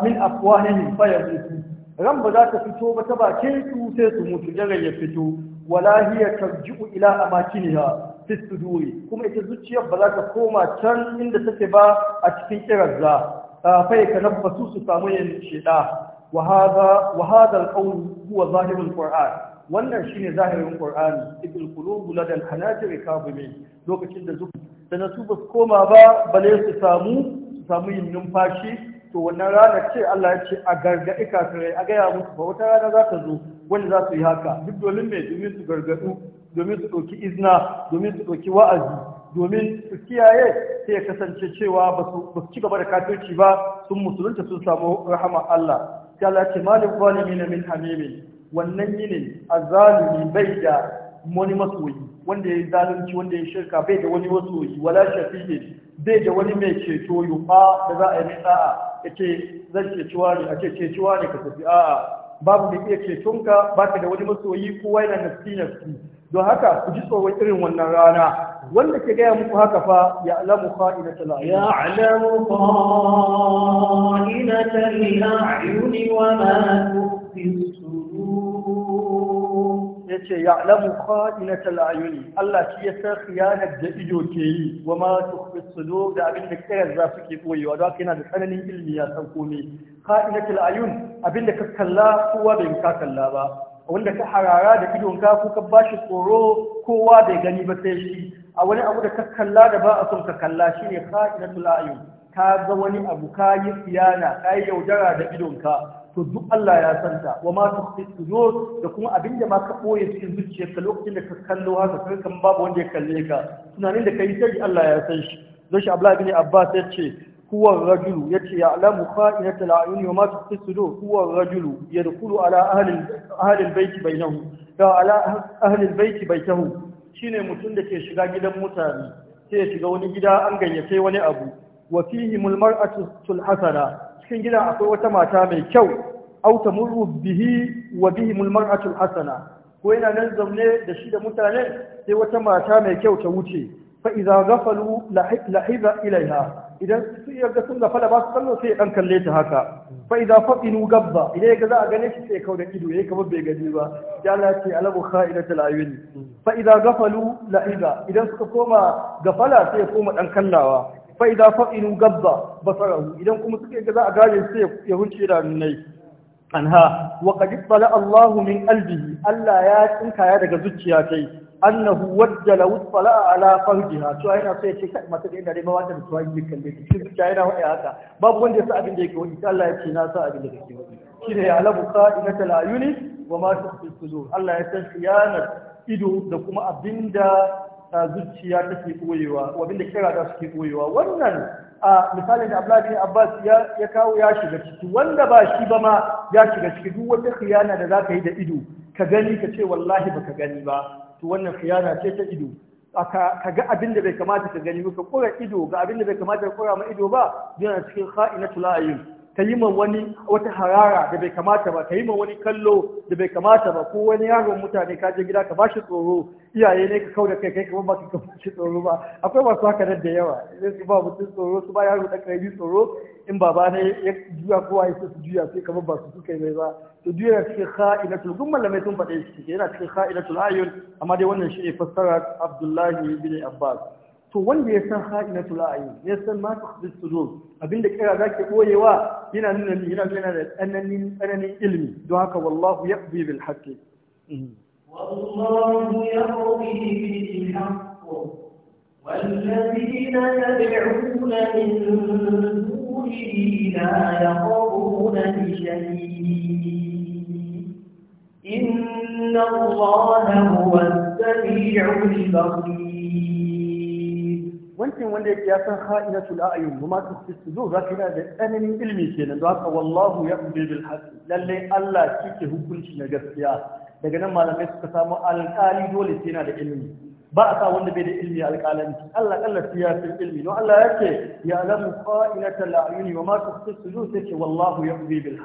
min afwahihim faya mutu ran ba za ta fito ba ta bakin su sai su mutu jarar ya fito walahiyar tarji'u ila amakiniya fi suduri kuma ita zuciyar ba za ta koma can inda take ba a cikin kirazza faya ka nabbasu su samu yin shida wa hadha wa hadha al wannan shine zahirin qur'ani idil qulubu ladal hanajir kafimin lokacin da zuku da nasu ba koma ba bale su samu su samu yin numfashi to wannan rana ce Allah ya ce a gargaɗi kafirai a gaya musu ba wata rana za ta zo wanda za su yi haka duk domin mai domin su gargaɗu domin su ɗauki izna domin su ɗauki wa'azi domin su kiyaye sai ya kasance cewa ba su ci gaba da kafirci ba sun musulunta sun samu rahama Allah sai Allah ya ce malim na min hamimi wannan yinin zalimi bai da wani masoyi wanda ya yi zalunci wanda ya shirka bai da wani masoyi wala shafi'i bai da wani mai ceto ba da za a yi sa'a ya ce zan cecewa ne a ce cecewa ne ka tafi a'a babu da iya cetonka ba ka da wani masoyi kowa yana nafsi nafsi don haka ku ji tsoron irin wannan rana wanda ke gaya muku haka fa ya alamu fa'ina tala'ayi ya alamu fa'ina tala'ayi wa ma fi su ya ce ya lamu na tal'ayuni Allah shi ya san khiyanar da ido ke yi wa ma su da abin da kiran za su ke koyewa don haka yana da tsananin ilmi ya san komai na tal'ayun abin da ka kalla kowa bai ka kalla ba wanda ka harara da idon ka ko ka bashi tsoro kowa bai gani ba sai shi a wani abu da ka kalla da ba a son ka kalla shine kha'inatul ayun ka ga wani abu ka yi siyana ka yi yaudara da idon ka to duk Allah ya san ta, wa ma tukhfi sudur da kuma abinda ma ka boye cikin ka lokacin da ka kallo haka kai kan babu wanda ya kalle ka tunanin da kai sai Allah ya san shi don shi Abdullah ibn Abbas ya ce huwa ar-rajulu yace ya'lamu kha'inatal a'yun wa ma tukhfi sudur huwa ar-rajulu yadkhulu ala ahli ahli al-bayt bainahu da ala ahli al-bayt baitahu shine mutum da ke shiga gidan mutane sai ya shiga wani gida an gayyace wani abu wa fihi mulmar'atu tulhasana cikin gida akwai wata mata mai kyau Auta murru bihi wa bihi mulmar'atul hasana ko yana nan zaune da shi da mutane sai wata mata mai kyau ta wuce fa idza ghafalu lahiza ilaiha idan su ya ga sun gafala ba su kallo sai ya dan kalle ta haka fa idza faqinu gabba idan ya za a gane shi sai kawo da ido yayi kamar bai gaji ba ya Allah ya ce alabu ayun fa idza ghafalu lahiza idan suka koma gafala sai ya koma dan kallawa fa idza fa'inu gabba basarahu idan kuma suke, ga za a gaje su ya hunce da nunai anha wa qad tala Allahu min qalbihi Allah ya tsinkaya daga zuciya tai annahu wajja law tala ala farjiha to yana so ya ce kai mata da inda dai ba wata da tuwa ne kalle ta cikin zuciya yana waya haka babu wanda ya sa abin da yake wani Allah ya ce na sa abin da kake wani shine ya alabu qa'inatal ayuni wa ma tukhfi sudur Allah ya san khiyanat ido da kuma abinda zuciya take koyewa abin da kira da suke koyewa wannan a misalin da Abdullahi Abbas ya ya kawo ya shiga ciki wanda ba shi ba ma ya shiga ciki duk wata khiyana da za ka yi da ido ka gani ka ce wallahi baka gani ba to wannan khiyana ce ta ido ka ga abin da bai kamata ka gani ba ka kora ido ga abin da bai kamata ka kura ma ido ba yana cikin kha'inatul ayun ka yi ma wani wata harara da bai kamata ba ka yi ma wani kallo da bai kamata ba ko wani yaron mutane ka je gida ka bashi tsoro iyaye ne ka kauda kai kai kuma ba ka bashi tsoro ba akwai masu haka nan da yawa Idan su ba mutum tsoro su ba yaro da karami tsoro in baba ne ya juya kowa ya su juya sai kamar ba su suka mai ba to juya cikin kha'inatul gun malamai sun faɗe shi yana cikin kha'inatul ayun amma dai wannan shi ne fassarar Abdullahi bin Abbas to wanda ya san ha'inatul la'ayi ya san ma ta khabis sudur abinda kira zake koyewa yana nuna ni yana nuna da tsananin tsananin ilmi don haka wallahu yaqbi bil haqqi wallahu yaqdi bil والذين يدعون من دونه لا يقضون بشيء إن الله هو السميع البصير wancan wanda yake ya san ha'inatul a'yun kuma ta zo za ka da tsananin ilimi kenan don haka wallahu ya umbe bil haqqi lalle Allah hukunci na gaskiya daga nan malamai suka samu alƙali dole sai yana da ilimi ba a sa wanda bai da ilimi alƙalanci Allah kalla sai ya san ilimi don Allah yake ya alamu qa'inatul a'yun wa ma tasfisu sai ce wallahu ya umbe bil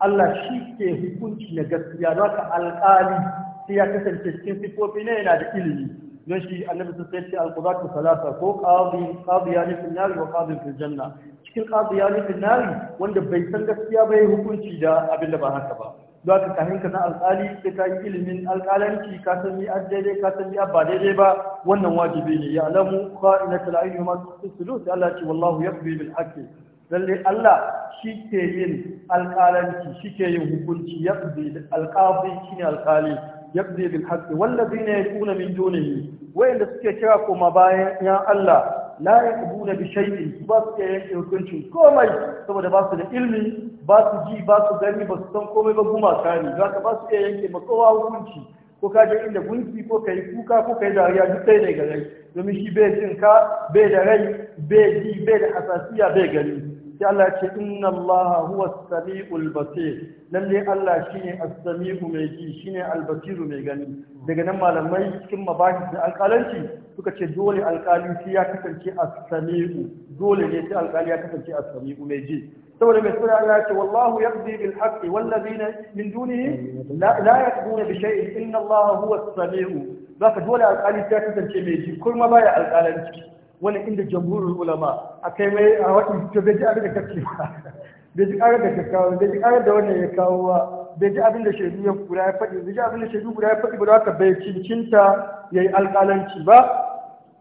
Allah shi ke hukunci na gaskiya don haka alƙali sai ya kasance cikin sifofi ne yana da ilimi don shi annabi sun sai ce alqudatu salasa ko qadi qadiyani fil nar wa qadi fil janna cikin qadiyani fil nar wanda bai san gaskiya bai hukunci da abin da ba haka ba don ka kahin ka na alƙali sai ka yi ilimin alƙalanci ka san ni an daidai ka san ni ba daidai ba wannan wajibi ne ya alamu kha'inatul ayyuhi ma tusulu sai Allah ce wallahu yaqdi bil haqqi lalle Allah shi ke yin alƙalanci shi ke yin hukunci ya alƙafi shi ne alƙali yaqdi bil haqq wal ladina yakuna min dunihi wayanda suke kira koma bayan ya Allah la yaqbuna bi shay'in ba su iya yanke hukuncin komai saboda ba su da ilmi ba su ji ba su gani ba su san komai ba gumaka ne za ka ba su iya yanke makowa hukunci ko ka je inda gunki ko kai kuka ko kai dariya duk sai ne ga rai domin shi bai jin ka bai da rai bai ji bai da hasasiya bai gani sai Allah ce inna Allah huwa as-sami'ul basir lalle Allah shine as-sami'u mai ji shine al-basiru mai gani daga nan malamai cikin mabahis da alƙalanci suka ce dole alƙali sai ya kasance as-sami'u dole ne sai alƙali ya kasance as-sami'u mai ji saboda mai sura Allah ce wallahu yaqdi bil haqqi wal ladina min dunihi la la yaqduna bi shay'in inna huwa as-sami'u zaka dole alƙali ya kasance mai ji kuma baya alƙalanci Wani inda jamhurin ulama a kai mai a watan to bai ji abin da kake ba bai ji ƙarar da ka kawo bai ji ƙarar da wannan ya kawo ba bai ji abin da shaidu ya guda ya faɗi bai ji abin da shaidu guda ya faɗi ba da haka bai cincinta ya yi alƙalanci ba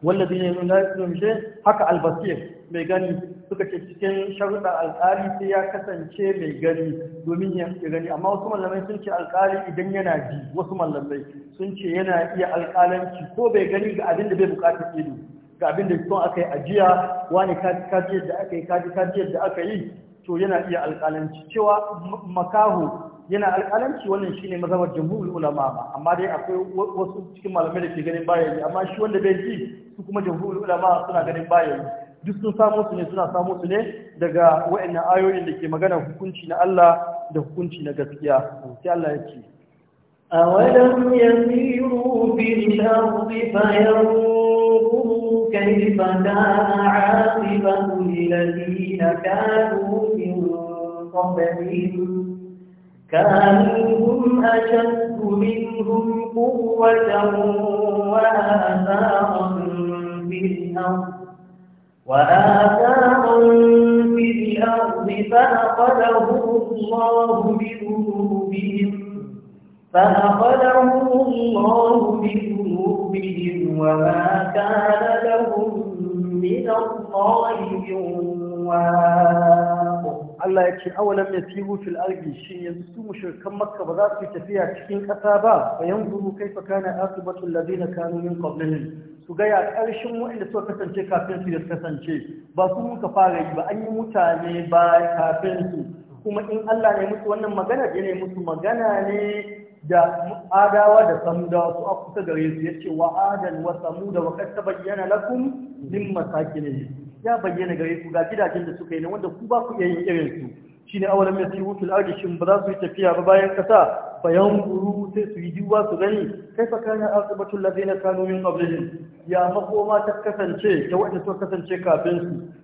Wanda wallabi ne nuna ya haka albasir mai gani suka ce cikin sharuɗa alƙali sai ya kasance mai gani domin ya gani amma wasu mallamai sun ce alƙali idan yana ji wasu mallamai sun ce yana iya alƙalanci ko bai gani ga abin da bai buƙatar ido ga abin da kuma aka yi ajiya wani kajiyar da aka yi kajiyar da aka yi to yana iya alƙalanci cewa makahu yana alƙalanci wannan shine mazhabar jumhurul ulama ba amma dai akwai wasu cikin malamai da ke ganin bayan yi amma shi wanda bai ji su kuma jumhurul ulama suna ganin bayan yi duk sun samu su ne suna samu su ne daga wa'annan ayoyin da ke magana hukunci na Allah da hukunci na gaskiya sai Allah ya ce أولم يسيروا في الأرض كيف كان عاقبة الذين كانوا من قبلهم كانوا هم أشد منهم قوة وآثارا في الأرض وآثارا في الأرض فأخذهم الله بذنوبهم فأخذهم الله بذنوبهم وما كان لهم من الله ينواق Allah ya ce awalan mai sihu fil ardi shin yanzu su mushrikan makka ba za su yi tafiya cikin ƙasa ba fa yanzuru kaifa kana aqibatu alladhina kanu min qablihim su ga ya ƙarshen wanda suka kasance kafin su da kasance ba su muka fara yi ba an yi mutane ba kafin su kuma in Allah ne musu wannan magana ne musu magana ne da adawa da samudawa su a kusa gare su ya ce wa adan wa samuda wa kasta bayyana lakum min masakinin ya bayyana gare ku ga gidajen da suka yi na wanda ku ba ku iya yin irin su shine awalan yasiru fil ardi shin ba za su yi tafiya ba bayan kasa bayan guru sai su yi duwa su gani fa kana aqibatu allazina kanu min qablihim ya makoma ta kasance ta wanda suka kasance kafin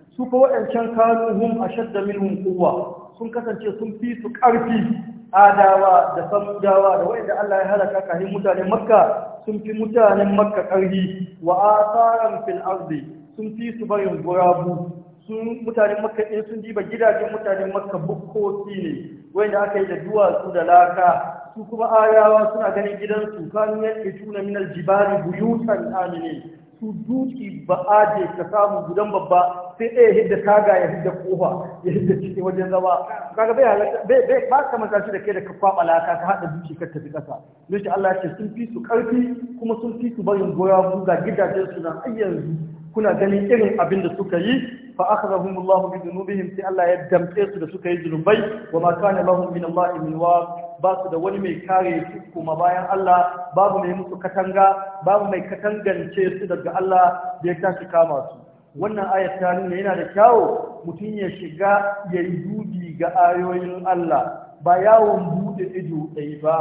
su su fa wa'ancan kanu hum ashadda minhum quwwa sun kasance sun fi su karfi adawa da samudawa da wanda Allah ya halaka kafin mutanen makka sun fi mutanen makka ƙarfi wa asaran fil ardi sun fi su barin gurabu sun mutanen makka ɗin sun diba gidajen mutanen makka bukkoki ne wanda aka yi da duwatsu da laka su kuma arawa suna ganin gidansu kanu yadda tuna minal jibali buyutan amine su duki ba aje ka samu gudan babba sai ɗaya hidda kaga ya hidda kofa ya hidda ciki wajen zama kaga bai halatta bai ba ka manta shi da kai da ka kwaba laka ka hada zuci ka tafi kasa shi Allah ya ce sun fi su karfi kuma sun fi su barin goya buga gidajen su na ayyanzu kuna ganin irin abin da suka yi fa akhadhahumullahu bi dhunubihim sai Allah ya damtse su da suka yi dhunubai wa ma kana lahum min Allah min wa ba su da wani mai kare su kuma bayan Allah babu mai musu katanga babu mai katangance su daga Allah da ya tashi kama su wannan ayat ta nuna yana da kyawo mutum ya shiga ya yi dubi ga ayoyin Allah ba yawon bude ido ɗai ba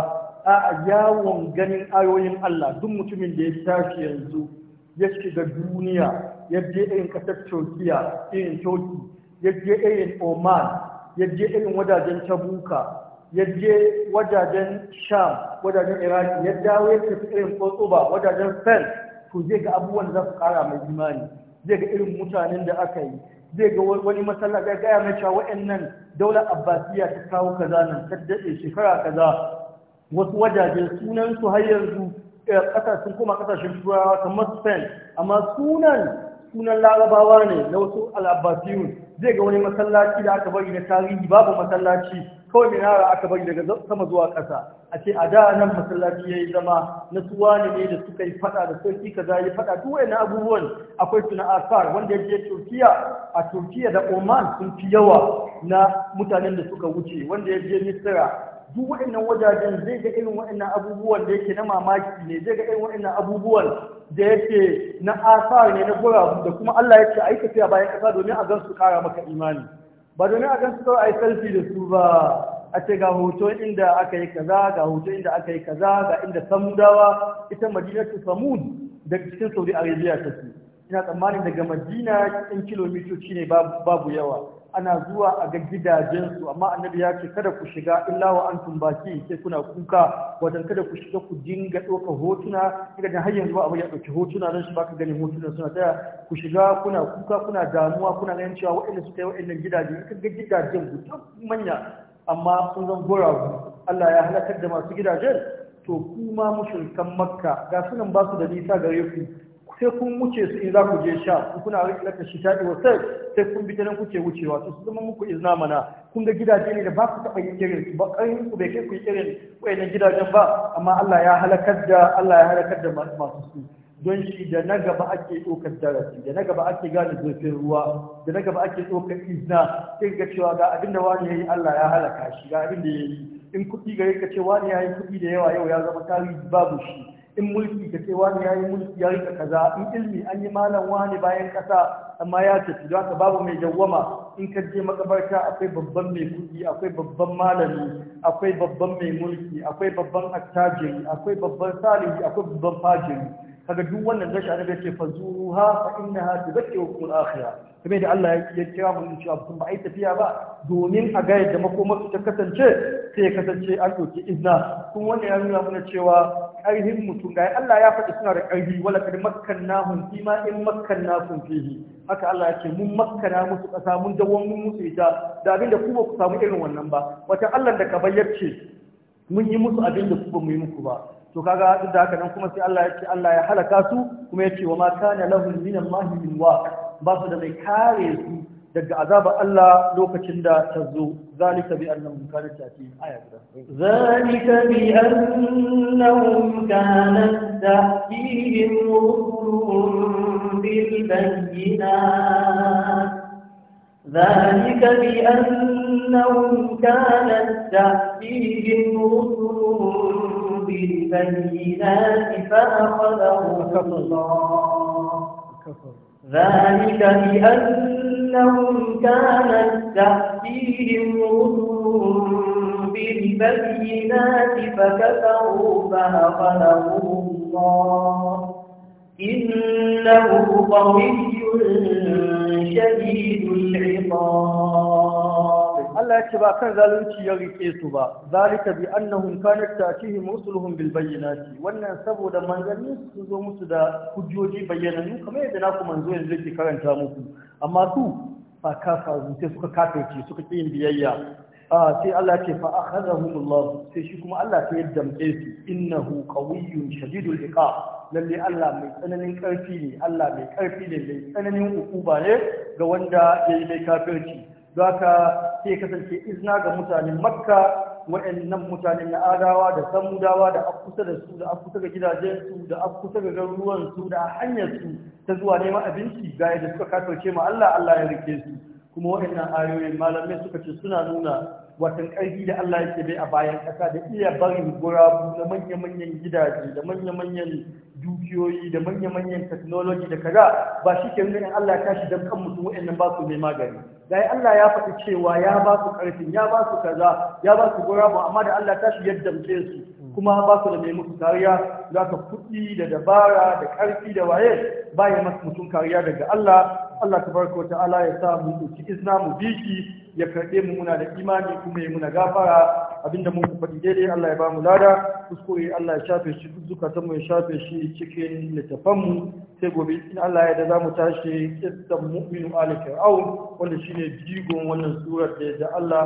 a yawon ganin ayoyin Allah duk mutumin da ya tashi yanzu ya shiga duniya ya je irin ƙasar Turkiya irin Turki ya je irin Oman ya je irin wajajen Tabuka ya je wajajen sham wajajen iraki ya dawo ya tafi irin kotsoba wajajen fel to zai ga abubuwan za su kara mai imani zai ga irin mutanen da aka yi zai ga wani matsala ga gaya mai cewa wa'annan daular abbasiya ta kawo kaza nan ta daɗe shekara kaza wasu wajaje sunan su har yanzu eh, ƙasa sun koma ƙasashen turawa kamar spain amma sunan sunan larabawa ne na wasu al'abbasiyun zai ga wani masallaci da aka bari na tarihi babu masallaci kawai minara aka bari daga sama zuwa ƙasa a ce a da nan masallaci ya yi zama na suwani ne da suka yi fada da sauki kaza ya fada duk wani abubuwan akwai su na asar wanda ya je turkiya a turkiya da oman sun fi yawa na mutanen da suka wuce wanda ya je misira duk waɗannan wajajen zai ga irin waɗannan abubuwan da yake na mamaki ne zai ga irin waɗannan abubuwan da yake na asar ne na gura da kuma Allah yake aikata a bayan kasa domin a gan su kara maka imani ba domin a gan su kawai a yi selfie da su ba a ce ga hoto inda aka yi kaza ga hoto inda aka yi kaza ga inda samudawa ita madinatu samud da cikin saudi arabia ta ce ina tsammanin daga madina cikin kilomitoci ne babu yawa ana zuwa a ga gidajensu amma annabi ya ce kada ku shiga illa wa antum baki sai kuna kuka wajen kada ku shiga ku dinga ɗauka hotuna kika da har yanzu abin ya ɗauki hotuna don shi baka ganin hotuna suna taya ku shiga kuna kuka kuna damuwa kuna ganin cewa waɗanda suka yi waɗannan gidaje ka ga gidajen ku duk manya amma sun zan gora Allah ya halakar da masu gidajen to ku ma mushrikan makka ga sunan ba su da nisa gare ku sai kun wuce su in za ku je sha kuna rikin ta taɗi wasai sai kun bi ta nan kuke wucewa to su zama muku izna mana kun ga gidaje ne da ba ku taɓa yin irin ba ƙarfin ku bai kai ku yi irin wayannan gidajen ba amma Allah ya halakar da Allah ya halakar da masu su don shi da na gaba ake ɗaukar darasi da na gaba ake gane zurfin ruwa da na gaba ake ɗaukar izna sai ga cewa ga abin da wani yayi Allah ya halaka shi ga abin da yayi in kuɗi ga ka ce wani yayi kuɗi da yawa yau ya zama tarihi babu shi in mulki ka ce wani ya yi mulki ya rika kaza in ilmi an yi malam wani bayan kasa amma ya tafi don haka babu mai jawwama in ka je makabarta akwai babban mai kuɗi akwai babban malami akwai babban mai mulki akwai babban attajiri akwai babban salihi akwai babban fajiri kaga duk wannan gashi annabi ya ce fazuruha fa innaha tudhakkirukum akhirah kamar da Allah ya kira mu cewa ba a yi tafiya ba domin a ga yadda makomarsu ta kasance sai ya kasance an ɗauki izina. kun wannan ya nuna mana cewa ƙarfin mutum ga Allah ya faɗi suna da ƙarfi wala kad na fi ma in na makkannakum fihi haka Allah ya ce mun makkana musu ƙasa mun dawo mun musu ita da abin da ku ba ku samu irin wannan ba wata Allah da ka bayyar ce mun yi musu abin da ku mu yi muku ba to kaga duk da haka nan kuma sai Allah ya ce Allah ya halaka su kuma ya ce wa ma kana lahum min Allah min waq ba su da mai kare su daga azabar Allah lokacin da ta zo zalika bi annahum kanat ta'tihim ayatun zalika bi annahum kanat ta'tihim bil bayyinat ذلك بأنهم كانت تأتيهم رسلهم بالبينات فأخذهم الله ذلك بأنهم كانت تأتيهم رسلهم بالبينات فكفروا فأخذهم الله إنه قوي شديد العقاب Allah ya ce ba kan zalunci ya rike su ba zalika bi annahum kanat ta'tihim rusuluhum bil bayyinati wannan saboda manzanni su zo musu da hujjoji bayyananu kamar yadda naku manzo yanzu yake karanta muku amma su fa kafa zuce suka kafirce suka ki yin biyayya A'a sai Allah ce fa akhadahumullah sai shi kuma Allah ta yadda mke su innahu qawiyyun shadidul iqab lalle Allah mai tsananin karfi ne Allah mai ƙarfi ne mai tsananin hukuma ne ga wanda yayi mai kafirci don ke sai kasance izina ga mutanen makka waɗannan mutanen na adawa da samudawa da akusa da su da akusa ga gidajensu da akusa ga garuruwansu da hanyarsu ta zuwa neman abinci ga yadda suka kasance ma Allah Allah ya rike su kuma waɗannan ayoyin malamai suka ce suna nuna watan ƙarfi da Allah yake bai a bayan ƙasa da iya barin gurabu da manya-manyan gidaje da manya-manyan dukiyoyi da manya-manyan technology da kaza ba shi ke nuna Allah ya tashi don kan mutum wa'annan ba su mai magani ga Allah ya faɗi cewa ya ba su ƙarfin ya ba su kaza ya ba su gurabu amma da Allah tashi yadda muke su kuma ba su da mai musu kariya za ka kuɗi da dabara da ƙarfi da waye ba masu mutum kariya daga Allah Allah tabaraka wa ta'ala ya sa mu ɗauki izna mu biki ya karɓe mu muna da imani kuma ya muna gafara abinda mun faɗi daidai Allah ya ba mu lada kuskure Allah ya shafe shi zukatan mu ya shafe shi cikin littafan mu sai gobe in Allah ya da za mu tashi kissan mu'minu ali fir'aun wanda shine jigon wannan surar da da Allah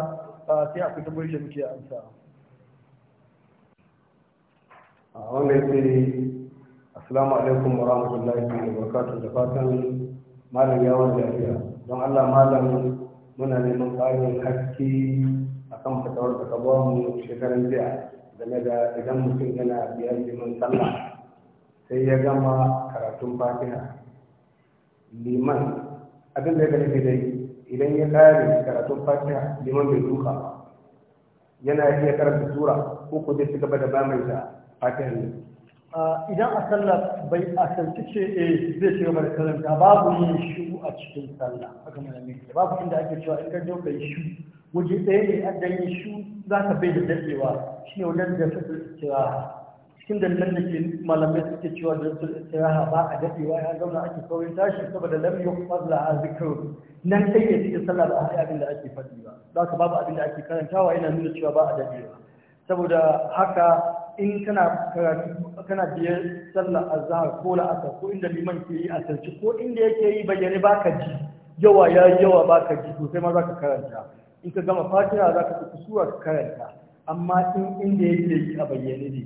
sai a fita da muke amsa a wannan sai assalamu alaikum wa rahmatullahi wa barakatuh da fatan malam ya wanda lafiya don Allah malam muna neman ƙarin haske a kan fatawar da ka mu shekaran jiya game da idan mutum yana biyar liman sallah sai ya gama karatun fatiha liman abin da ya gani dai idan ya ƙare karatun fatiha liman bai duka yana iya karanta tura ko ku zai ci gaba da bamanta fatiha ne idan a sallah bai a sarki ce eh zai ce gaba karanta babu yin shu a cikin sallah haka mana mai babu inda ake cewa in ka je yi shu waje ɗaya ne an dan yi shu za ka bai da shi ne wannan da ta cewa cikin dalilan da ke malamai suke cewa da su istiraha ba a dadewa ya zauna ake saurin tashi saboda lam yuqfaz la azkar nan sai ya cikin sallah ba a yi abin da ake faɗi ba za ka babu abin da ake karantawa yana nuna cewa ba a dadewa saboda haka in kana karatu kana biyar sallar azhar ko la'asar ko inda liman ke yi a sarki ko inda yake yi bayyane baka ji yawa ya yawa baka ji to sai ma zaka karanta in ka gama fatiha zaka tafi sura ka karanta amma in inda yake yi a bayyane ne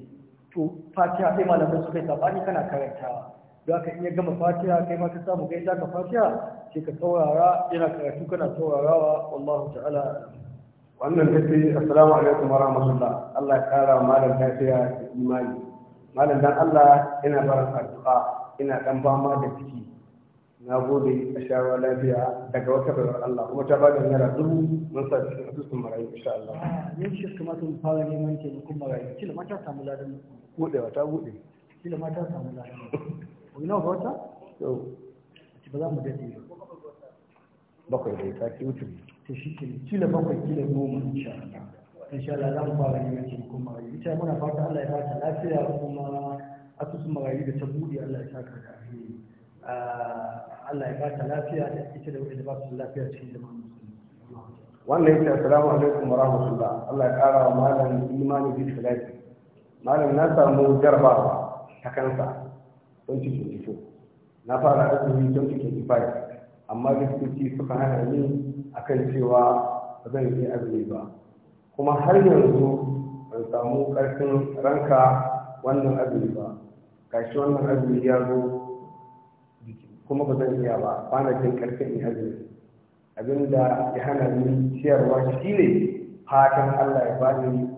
to fatiha sai malamai suka yi sabani kana karantawa za ka iya gama fatiha kai ma ka samu kai gaisa ka fatiha sai ka saurara yana karatu kana saurarawa wallahu ta'ala wannan ta ce assalamu alaikum wa rahmatullah Allah ya kara malam lafiya da imani malam dan Allah ina barin addu'a ina dan fama da ciki na gode a shawar lafiya daga wata bayar Allah kuma ta bada naira dubu mun sa cikin asusun marayu insha Allah ah, yin shi kamata sun fara neman taimakon marayu kila ma ta samu ladan budewa ta bude kila ma ta samu ladan wani nawa wata to ba za mu dade bakwai da ta ki mutum. ta shi ke kila bakwai kila goma insha Allah insha Allah ya lafiya kuma ya saka ya wannan yake assalamu alaikum wa rahmatullah Allah ya kara wa malam imani bi malam na samu jarabawa ta kansa 2022 na fara azumi 2025 amma gaskoci suka hana ni kan cewa ba zan yi azumi ba kuma har yanzu ban samu ƙarfin ranka wannan azumi ba shi wannan azumi ya zo kuma ba zan iya ba bana jin ƙarfin in azumi abinda ya hana ni ciyarwa shi ne fatan Allah ya ni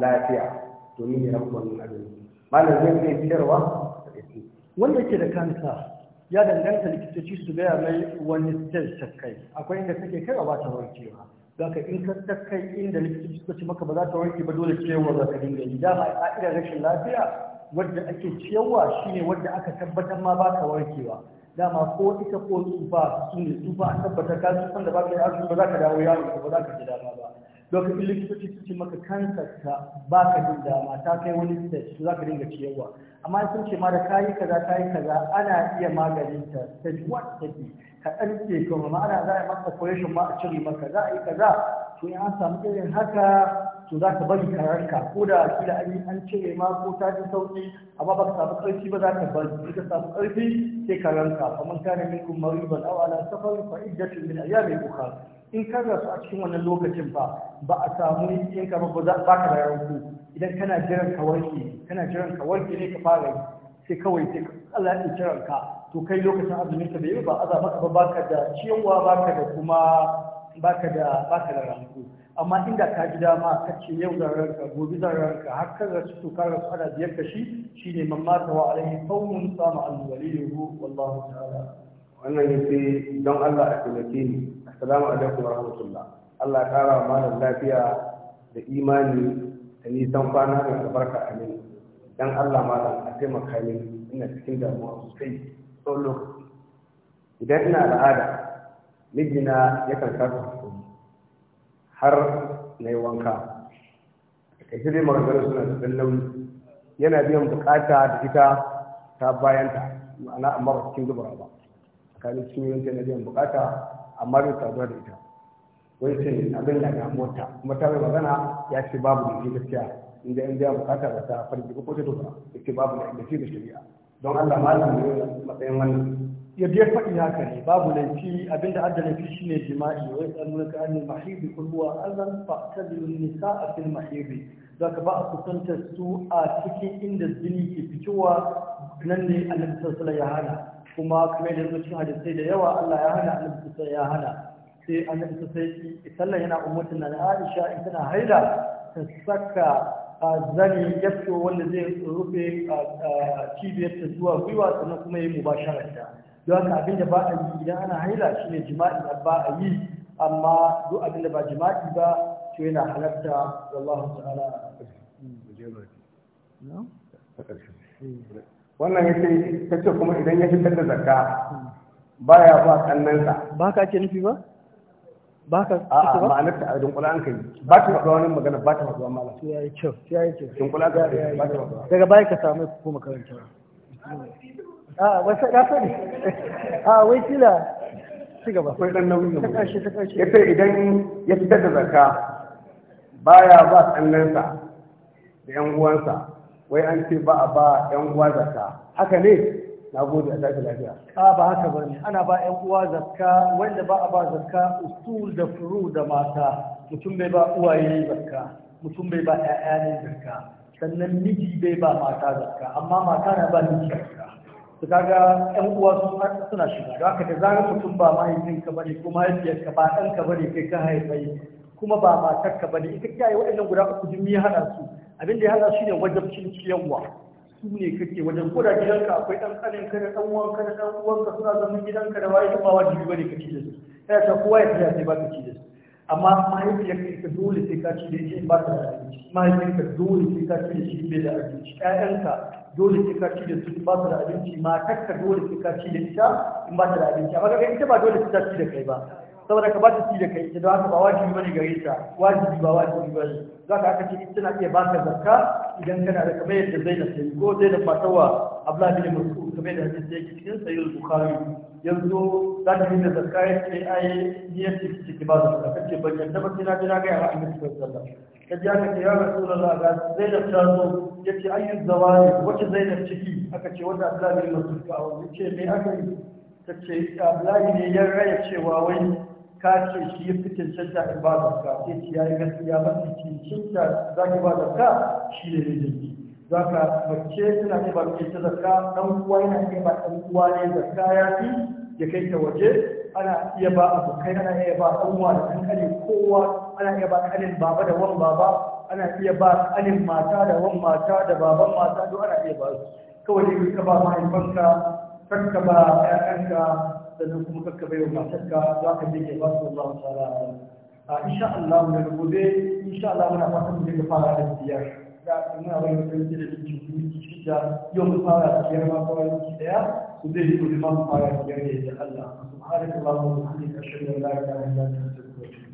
lafiya domin ya rabu wannan azumi malam zai iya ciyarwa wanda ke da kansa ya danganta likitoci su gaya mai wani stage ta kai akwai inda kake kai ba ta warkewa ka in ka ta kai inda likitoci suka ce maka ba za ta warke ba dole ciyarwa za ka dinga yi dama a rashin lafiya wadda ake ciyarwa shine wadda aka tabbatar ma ba ta warkewa dama ko ita ko tsufa su ne tsufa a tabbatar ka tsufan da ba ka yi ba za ka dawo yaro ba za ka ji dama ba lokacin likitoci su ce maka kansa ka ba ka jin dama ta kai wani stage za ka dinga ciyarwa amma sun ce ma da yi kaza yi kaza ana iya maganin ta stage one take ka ɗan ce kuma ma ana za a yi maka operation ma a cire maka za a yi kaza to in an samu irin haka to za ka bari kararka ko da kila an yi an cire ma ko ta ji sauki amma ba ka samu ƙarfi ba za ka bari in ka samu ƙarfi sai ka kamar kana minkum mariban aw ala safar fa iddatun min ayyamin ukhra in ka rasu a cikin wannan lokacin ba ba a samu yanka ka ba ba ka rayar ku idan kana jiran ka warke kana jiran ka warke ne ka fara sai kawai sai Allah ya kiran ka to kai lokacin azumin ka bai yi ba azaba ka ba baka da ciyawa baka da kuma baka da baka da ranku amma inda ka ji dama ka ce yau da ranka gobe da ranka har ka rasu to ka rasu ana biyar ka shi shine mamma ta wa alaihi sawmun sama al-waliyyu wallahu ta'ala wannan ya ce don Allah a taimake ni assalamu alaikum wa rahmatullah Allah ya kara wa malam lafiya da imani da nisan kwana da albarka amin dan Allah malam a taimaka ni ina cikin damuwa sosai tsawon lokaci idan ina al'ada mijina ya kasa hakuri har na yi wanka kai sai dai maganganun suna da nauyi yana biyan bukata da ita ta bayanta ma'ana amma ba cikin dubara ba kaga ciwon ta na biyan bukata amma bai saduwa da ita wai ce abin na ga mota kuma ta bai magana ya ce babu da ke gaskiya inda in biya bukata ba ta farki ko ta doka ya ce babu da ke da shari'a don Allah malam ne matsayin wannan ya biya faɗi haka ne babu laifi abinda adda shi ne jima'i wai tsanuwa ka annin mahidi kulluwa azan fa'tadilun nisa'a fil mahidi zaka ba a kusantar su a cikin inda jini ke fitowa nan ne annabi sallallahu ya hana kuma kamar da zuwa hadisai da yawa Allah ya hana annabi sai ya hana sai annabi sai sallan yana ummatin nan Aisha in tana haila ta saka zani ya fito wanda zai rufe cibiyar ta zuwa gwiwa sannan kuma yi mubasharar ta don haka abin da ba a yi idan ana haila ne jima'i ba a yi amma duk abin da ba jima'i ba to yana halarta wallahu ta'ala hmm, a ƙarshe. Hmm. wannan ya ce ta ce kuma idan ya fitar da zakka ya ba kannansa ba ka ce nufi ba ba ka a ma'anar ta a dunkula an kai ba ta faɗuwa wani magana ba ta faɗuwa malam ya yi kyau ya yi kyau dunkula ka ba ta faɗuwa daga baya ka samu ya koma karanta a wasa ya a wai kila ci gaba akwai dan nauyi ta ya ce idan ya fitar da zakka ya ba kannansa da yan uwansa wai an ce ba a ba yan uwa zakka haka ne na gode a tashi lafiya a ba haka bane ana ba yan uwa zakka wanda ba a ba zakka usul da furu da mata mutum bai ba uwaye zakka mutum bai ba ƴaƴa ne zakka sannan miji bai ba mata zakka amma mata na ba miji zakka su kaga yan uwa suna shiga don haka da zarar mutum ba mahaifinka bane ko mahaifiyarka ba ɗanka bane kai ka haifai kuma ba matarka bane ita kiyaye waɗannan guda uku jimmi ya haɗa su abin da ya hada shi ne wajabcin ciyarwa su ne kake wajen koda gidanka akwai ɗan ƙanin ka da ɗan uwan da ɗan uwan suna zama gidanka da waye ba wajibi ne ka ci da su kai ta kowa ya tsaya sai ba ka ci da su amma mahaifiyar ka dole sai ka ci da shi ba ta da abinci mahaifiyar ka dole sai ka ci da shi bai da abinci ƴaƴanka dole sai ka ci da su ba ta da abinci matar ka dole sai ka ci da ita in ba ta da abinci amma kaga ita ba dole sai ta ci da kai ba saboda ka ba ta ci da kai ita da haka ba wajibi bane gare ta wajibi ba wajibi bane za ka aka ce ita na iya ba ta zakka idan kana da kamar yadda zai da sai ko zai da fatawa abdullahi bin mas'ud kamar da hadisi yake cikin sahih al-bukhari yanzu za ta yi da zakka ya ce ai niyyar ce ciki ba zakka kace ban yadda ba sai na jira ga Allah annabi sallallahu alaihi wasallam kaji aka ce ya rasulullah ga zai da ta zo yace ayyu zawali wace zai da ciki aka ce wanda abdullahi bin mas'ud ka wani ce me aka yi ta ce abdullahi ne ya raya cewa wai ka ce shi ya fi cancanta in ba zakka sai ce ya yi gaskiya mafi cancanta za ki ba zakka shi ne mijinki za ka mace tana iya ba ta zakka ɗan uwa yana iya ba ɗan uwa ne ya fi ya kai ta waje ana iya ba abokai ana iya ba ɗan uwa da ɗan kowa ana iya ba ƙanin baba da wan baba ana iya ba ƙanin mata da wan mata da baban mata duk ana iya ba su kawai dai ka ba fanka, kanka ba 'ya'yanka sannan kuma kakka bai wa matarka za ka je ke ba su Allah ta'ala a insha Allah mu da gobe insha Allah muna fatan mu dinga fara da biyar da muna bai da kanki da yau mu fara da biyar ma kawai ki daya ku zai yi ku fara da biyar da Allah subhanallahi wa bihamdihi ashhadu an la ilaha illa anta astaghfiruka